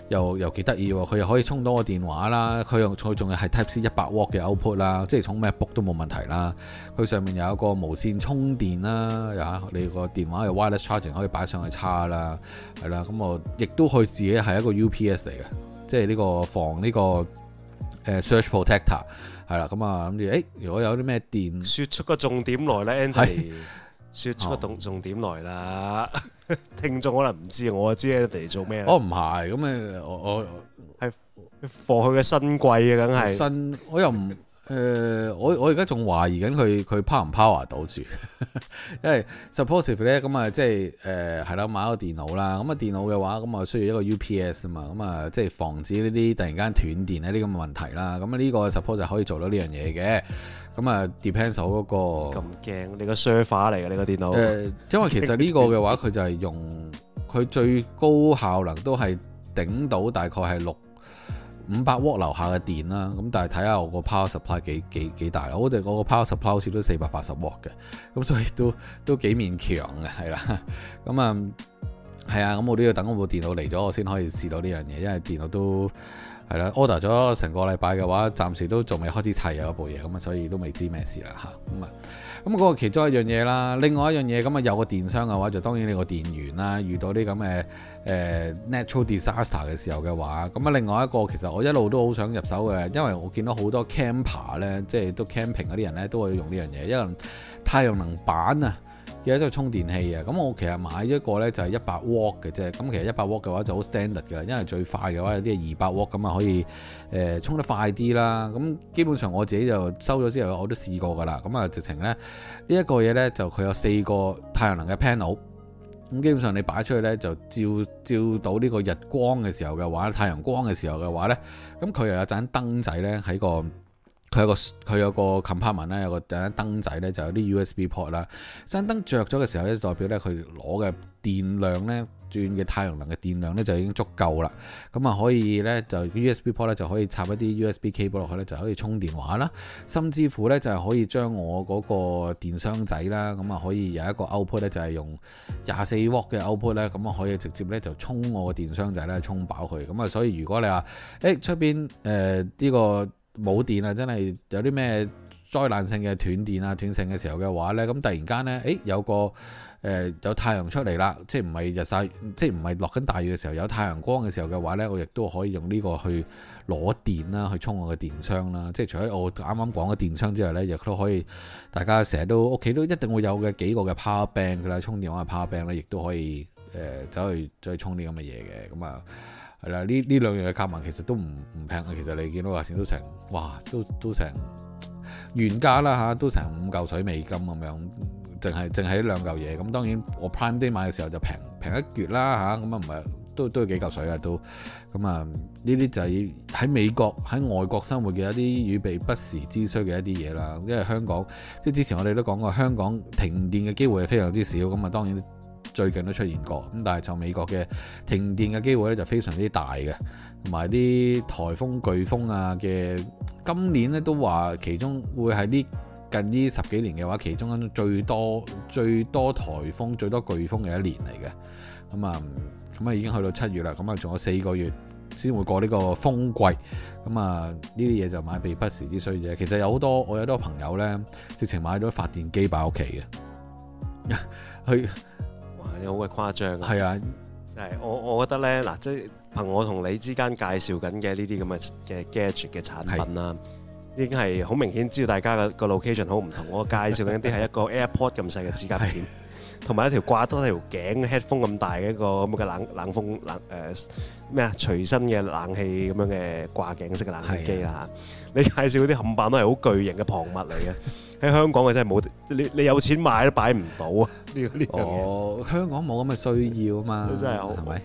就又幾得意喎！佢又，又可以充多個電話啦，佢又佢仲係 type C 一百 w 嘅 output 啦，即係充咩 book 都冇問題啦。佢上面有一個無線充電啦，嚇你個電話嘅 wireless charging 可以擺上去叉啦，係啦。咁我亦都可以自己係一個 UPS 嚟嘅，即係呢個防呢、呢個誒 surge protector 係啦。咁啊諗住如果有啲咩電，說出個重點來咧 Andy <laughs> 說出重重點來啦，oh。聽眾可能唔知，我知喺佢哋做咩？哦，唔係，咁啊，我我係放佢嘅新季啊，梗係新。我又唔，誒、呃，我我而家仲懷疑緊佢佢 power 唔 power 到住， <laughs> 因為 suppose 咧、就是，咁啊，即係誒係啦，買咗個電腦啦，咁啊電腦嘅話，咁啊需要一個 UPS 啊嘛，咁啊即係防止呢啲突然間斷電呢啲咁嘅問題啦，咁啊呢個 suppose 就可以做到呢樣嘢嘅。咁啊、嗯、，Depends 我嗰、那個咁驚，你個 server 嚟嘅你個電腦？誒、呃，因為其實呢個嘅話，佢 <laughs> 就係用佢最高效能都係頂到大概係六五百 watt 樓下嘅電啦。咁但係睇下我個 power supply 幾幾幾大，我哋嗰個 power supply 好似都四百八十 watt 嘅，咁所以都都幾勉強嘅，係啦。咁 <laughs> 啊、嗯，係啊，咁我都要等我部電腦嚟咗，我先可以試到呢樣嘢，因為電腦都。係啦、yeah,，order 咗成個禮拜嘅話，暫時都仲未開始砌嗰部嘢，咁、嗯、啊，所以都未知咩事啦嚇。咁、嗯、啊，咁、嗯、嗰、那個其中一樣嘢啦，另外一樣嘢咁啊，有個電商嘅話，就當然你個電源啦，遇到啲咁嘅誒 natural disaster 嘅時候嘅話，咁、嗯、啊，另外一個其實我一路都好想入手嘅，因為我見到好多 camper 咧，即係都 camping 嗰啲人咧都會用呢樣嘢，因為太陽能板啊。有一度充電器啊，咁我其實買咗一個咧就係一百瓦嘅啫，咁其實一百瓦嘅話就好 standard 嘅，因為最快嘅話有啲係二百瓦咁啊可以誒、呃、充得快啲啦。咁基本上我自己就收咗之後我試，我都試過㗎啦。咁啊直情咧呢一個嘢咧就佢有四個太陽能嘅 panel，咁基本上你擺出去咧就照照到呢個日光嘅時候嘅話，太陽光嘅時候嘅話咧，咁佢又有盞燈仔咧喺個。佢有個佢有個 compartment 咧，有個盞燈仔咧，就有啲 USB port 啦。盞燈着咗嘅時候咧，代表咧佢攞嘅電量咧，轉嘅太陽能嘅電量咧，就已經足夠啦。咁啊，可以咧就 USB port 咧就可以插一啲 USB cable 落去咧，就可以充電話啦。甚至乎咧就係可以將我嗰個電箱仔啦，咁啊可以有一個 output 咧，就係用廿四 volt 嘅 output 咧，咁啊可以直接咧就充我個電箱仔咧充飽佢。咁啊，所以如果你話誒出邊誒呢個～冇電啊！真係有啲咩災難性嘅斷電啊、斷電嘅時候嘅話呢，咁突然間呢，誒、欸、有個誒、呃、有太陽出嚟啦，即係唔係日曬，即係唔係落緊大雨嘅時候，有太陽光嘅時候嘅話呢，我亦都可以用呢個去攞電啦，去充我嘅電箱啦。即係除咗我啱啱講嘅電箱之外呢，亦都可以大家成日都屋企都一定會有嘅幾個嘅 power bank 嘅啦，充電嘅 power bank 呢，亦都可以誒、呃、走去再去充啲咁嘅嘢嘅，咁啊～係啦，呢呢兩樣嘅購物其實都唔唔平嘅。其實你見到話成都成，哇，都都成原價啦嚇，都成五嚿水美金咁樣，淨係淨係呢兩嚿嘢。咁當然我 Prime Day 買嘅時候就平平一橛啦嚇，咁啊唔係都都有幾嚿水啊都。咁啊呢啲就係喺美國喺外國生活嘅一啲預備不時之需嘅一啲嘢啦。因為香港即係之前我哋都講過，香港停電嘅機會係非常之少。咁啊當然。最近都出現過，咁但係就美國嘅停電嘅機會咧就非常之大嘅，同埋啲颱風、颶風啊嘅，今年咧都話其中會係呢近呢十幾年嘅話，其中最多最多颱風、最多颶風嘅一年嚟嘅。咁啊，咁啊已經去到七月啦，咁啊仲有四個月先會過呢個風季，咁啊呢啲嘢就買備不時之需啫。其實有好多我有好多朋友呢，直情買咗發電機擺屋企嘅，去。 <laughs> 好鬼誇張啊！係啊，就我我覺得咧，嗱，即、就、係、是、憑我同你之間介紹緊嘅呢啲咁嘅嘅 gadget 嘅產品啦、啊，是已經係好明顯知道大家嘅個 location 好唔同。 <laughs> 我介紹緊啲係一個 AirPod 咁細嘅指甲片，同埋是一條掛多條頸 headphone 咁大嘅一個咁嘅冷冷風冷誒咩啊？隨身嘅冷氣咁樣嘅掛頸式嘅冷氣機啦、啊啊、你介紹嗰啲冚板都係好巨型嘅旁物嚟嘅。是啊 <laughs> 喺香港嘅真係冇，你你有錢買都擺唔到啊！呢呢樣嘢，哦，香港冇咁嘅需要啊嘛，真係好，係咪？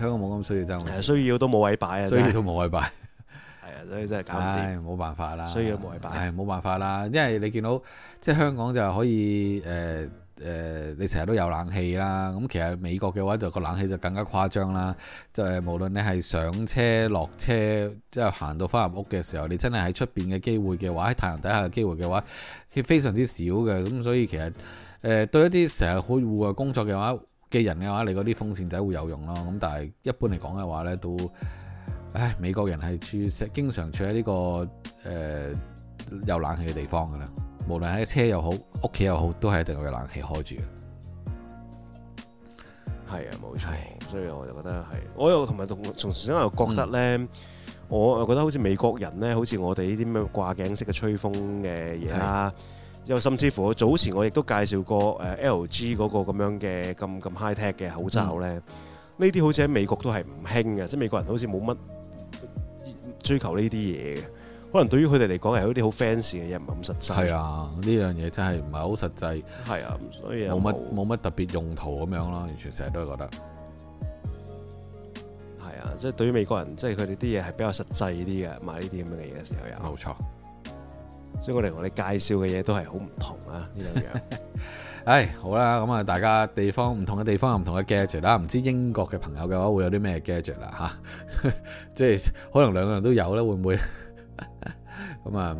香港冇咁需要真係，需要都冇位擺啊，需要都冇位擺，係啊，所以真係搞唔掂，冇辦法啦，需要都冇位擺，係冇辦法啦，因為你見到即係香港就可以誒。誒、呃，你成日都有冷氣啦，咁其實美國嘅話就個冷氣就更加誇張啦，就係無論你係上車落車，即係行到翻入屋嘅時候，你真係喺出邊嘅機會嘅話，喺太陽底下嘅機會嘅話，佢非常之少嘅，咁所以其實誒、呃、對一啲成日好戶外工作嘅話嘅人嘅話，你嗰啲風扇仔會有用咯，咁但係一般嚟講嘅話呢都，唉，美國人係處常經常處喺呢個誒、呃、有冷氣嘅地方噶啦。無論喺車又好，屋企又好，都係一定有冷氣開住嘅。係啊，冇錯。所以我就覺得係，我又同埋同從始又覺得咧，我又覺得、嗯、覺得好似美國人咧，好似我哋呢啲咩掛頸式嘅吹風嘅嘢啦，是又甚至乎早前我亦都介紹過誒 LG 嗰個咁樣嘅咁咁 high tech 嘅口罩咧，呢啲、嗯、好似喺美國都係唔興嘅，即、就、係、是、美國人好似冇乜追求呢啲嘢嘅。可能對於佢哋嚟講係有啲好 fancy 嘅嘢，唔係咁實際。係啊，呢樣嘢真係唔係好實際。係啊，所以冇乜冇乜特別用途咁樣啦，完全成日都覺得係啊，即、就、係、是、對於美國人，即係佢哋啲嘢係比較實際啲嘅，買呢啲咁嘅嘢嘅時候又冇錯。所以我嚟我哋介紹嘅嘢都係好唔同啊呢 <laughs> 兩樣，唉、 <laughs> 哎，好啦，咁、嗯、啊，大家地方唔同嘅地方有唔同嘅 gadget 啦。唔 <laughs> 知英國嘅朋友嘅話會有啲咩 gadget 啦吓，即、啊、係 <laughs> 可能兩樣都有咧，會唔會？咁啊，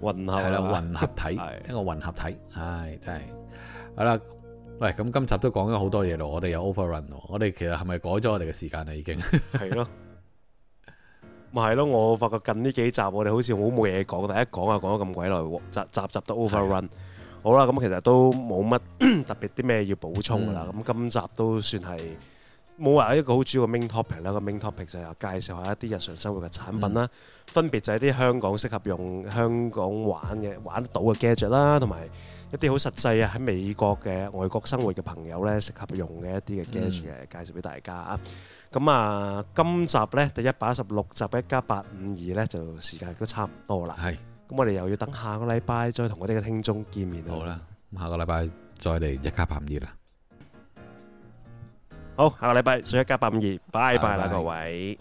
混合係啦，混合體，一個混合體，唉真係好啦。喂，咁今集都講咗好多嘢咯，我哋有 overrun，我哋其實係咪改咗我哋嘅時間啦？已經係咯，咪係咯，我發覺近呢幾集我哋好似好冇嘢講，但係一講啊講咗咁鬼耐，集集集都 overrun。好啦，咁其實都冇乜特別啲咩要補充噶啦。咁今集都算係冇話一個好主要嘅 main topic 啦。個 main topic 就係介紹下一啲日常生活嘅產品啦。分別就係啲香港適合用香港玩嘅玩得到嘅 gadget 啦，同埋一啲好實際啊，喺美國嘅外國生活嘅朋友咧，適合用嘅一啲嘅 gadget 介紹俾大家啊。咁啊，今集咧第一百一十六集一家八五二咧，就時間都差唔多啦。係。咁我哋又要等下個禮拜再同我哋嘅聽眾見面啦。好啦，咁下個禮拜再嚟一家八五二啦。好，下個禮拜上一家八五二，拜拜啦，各位。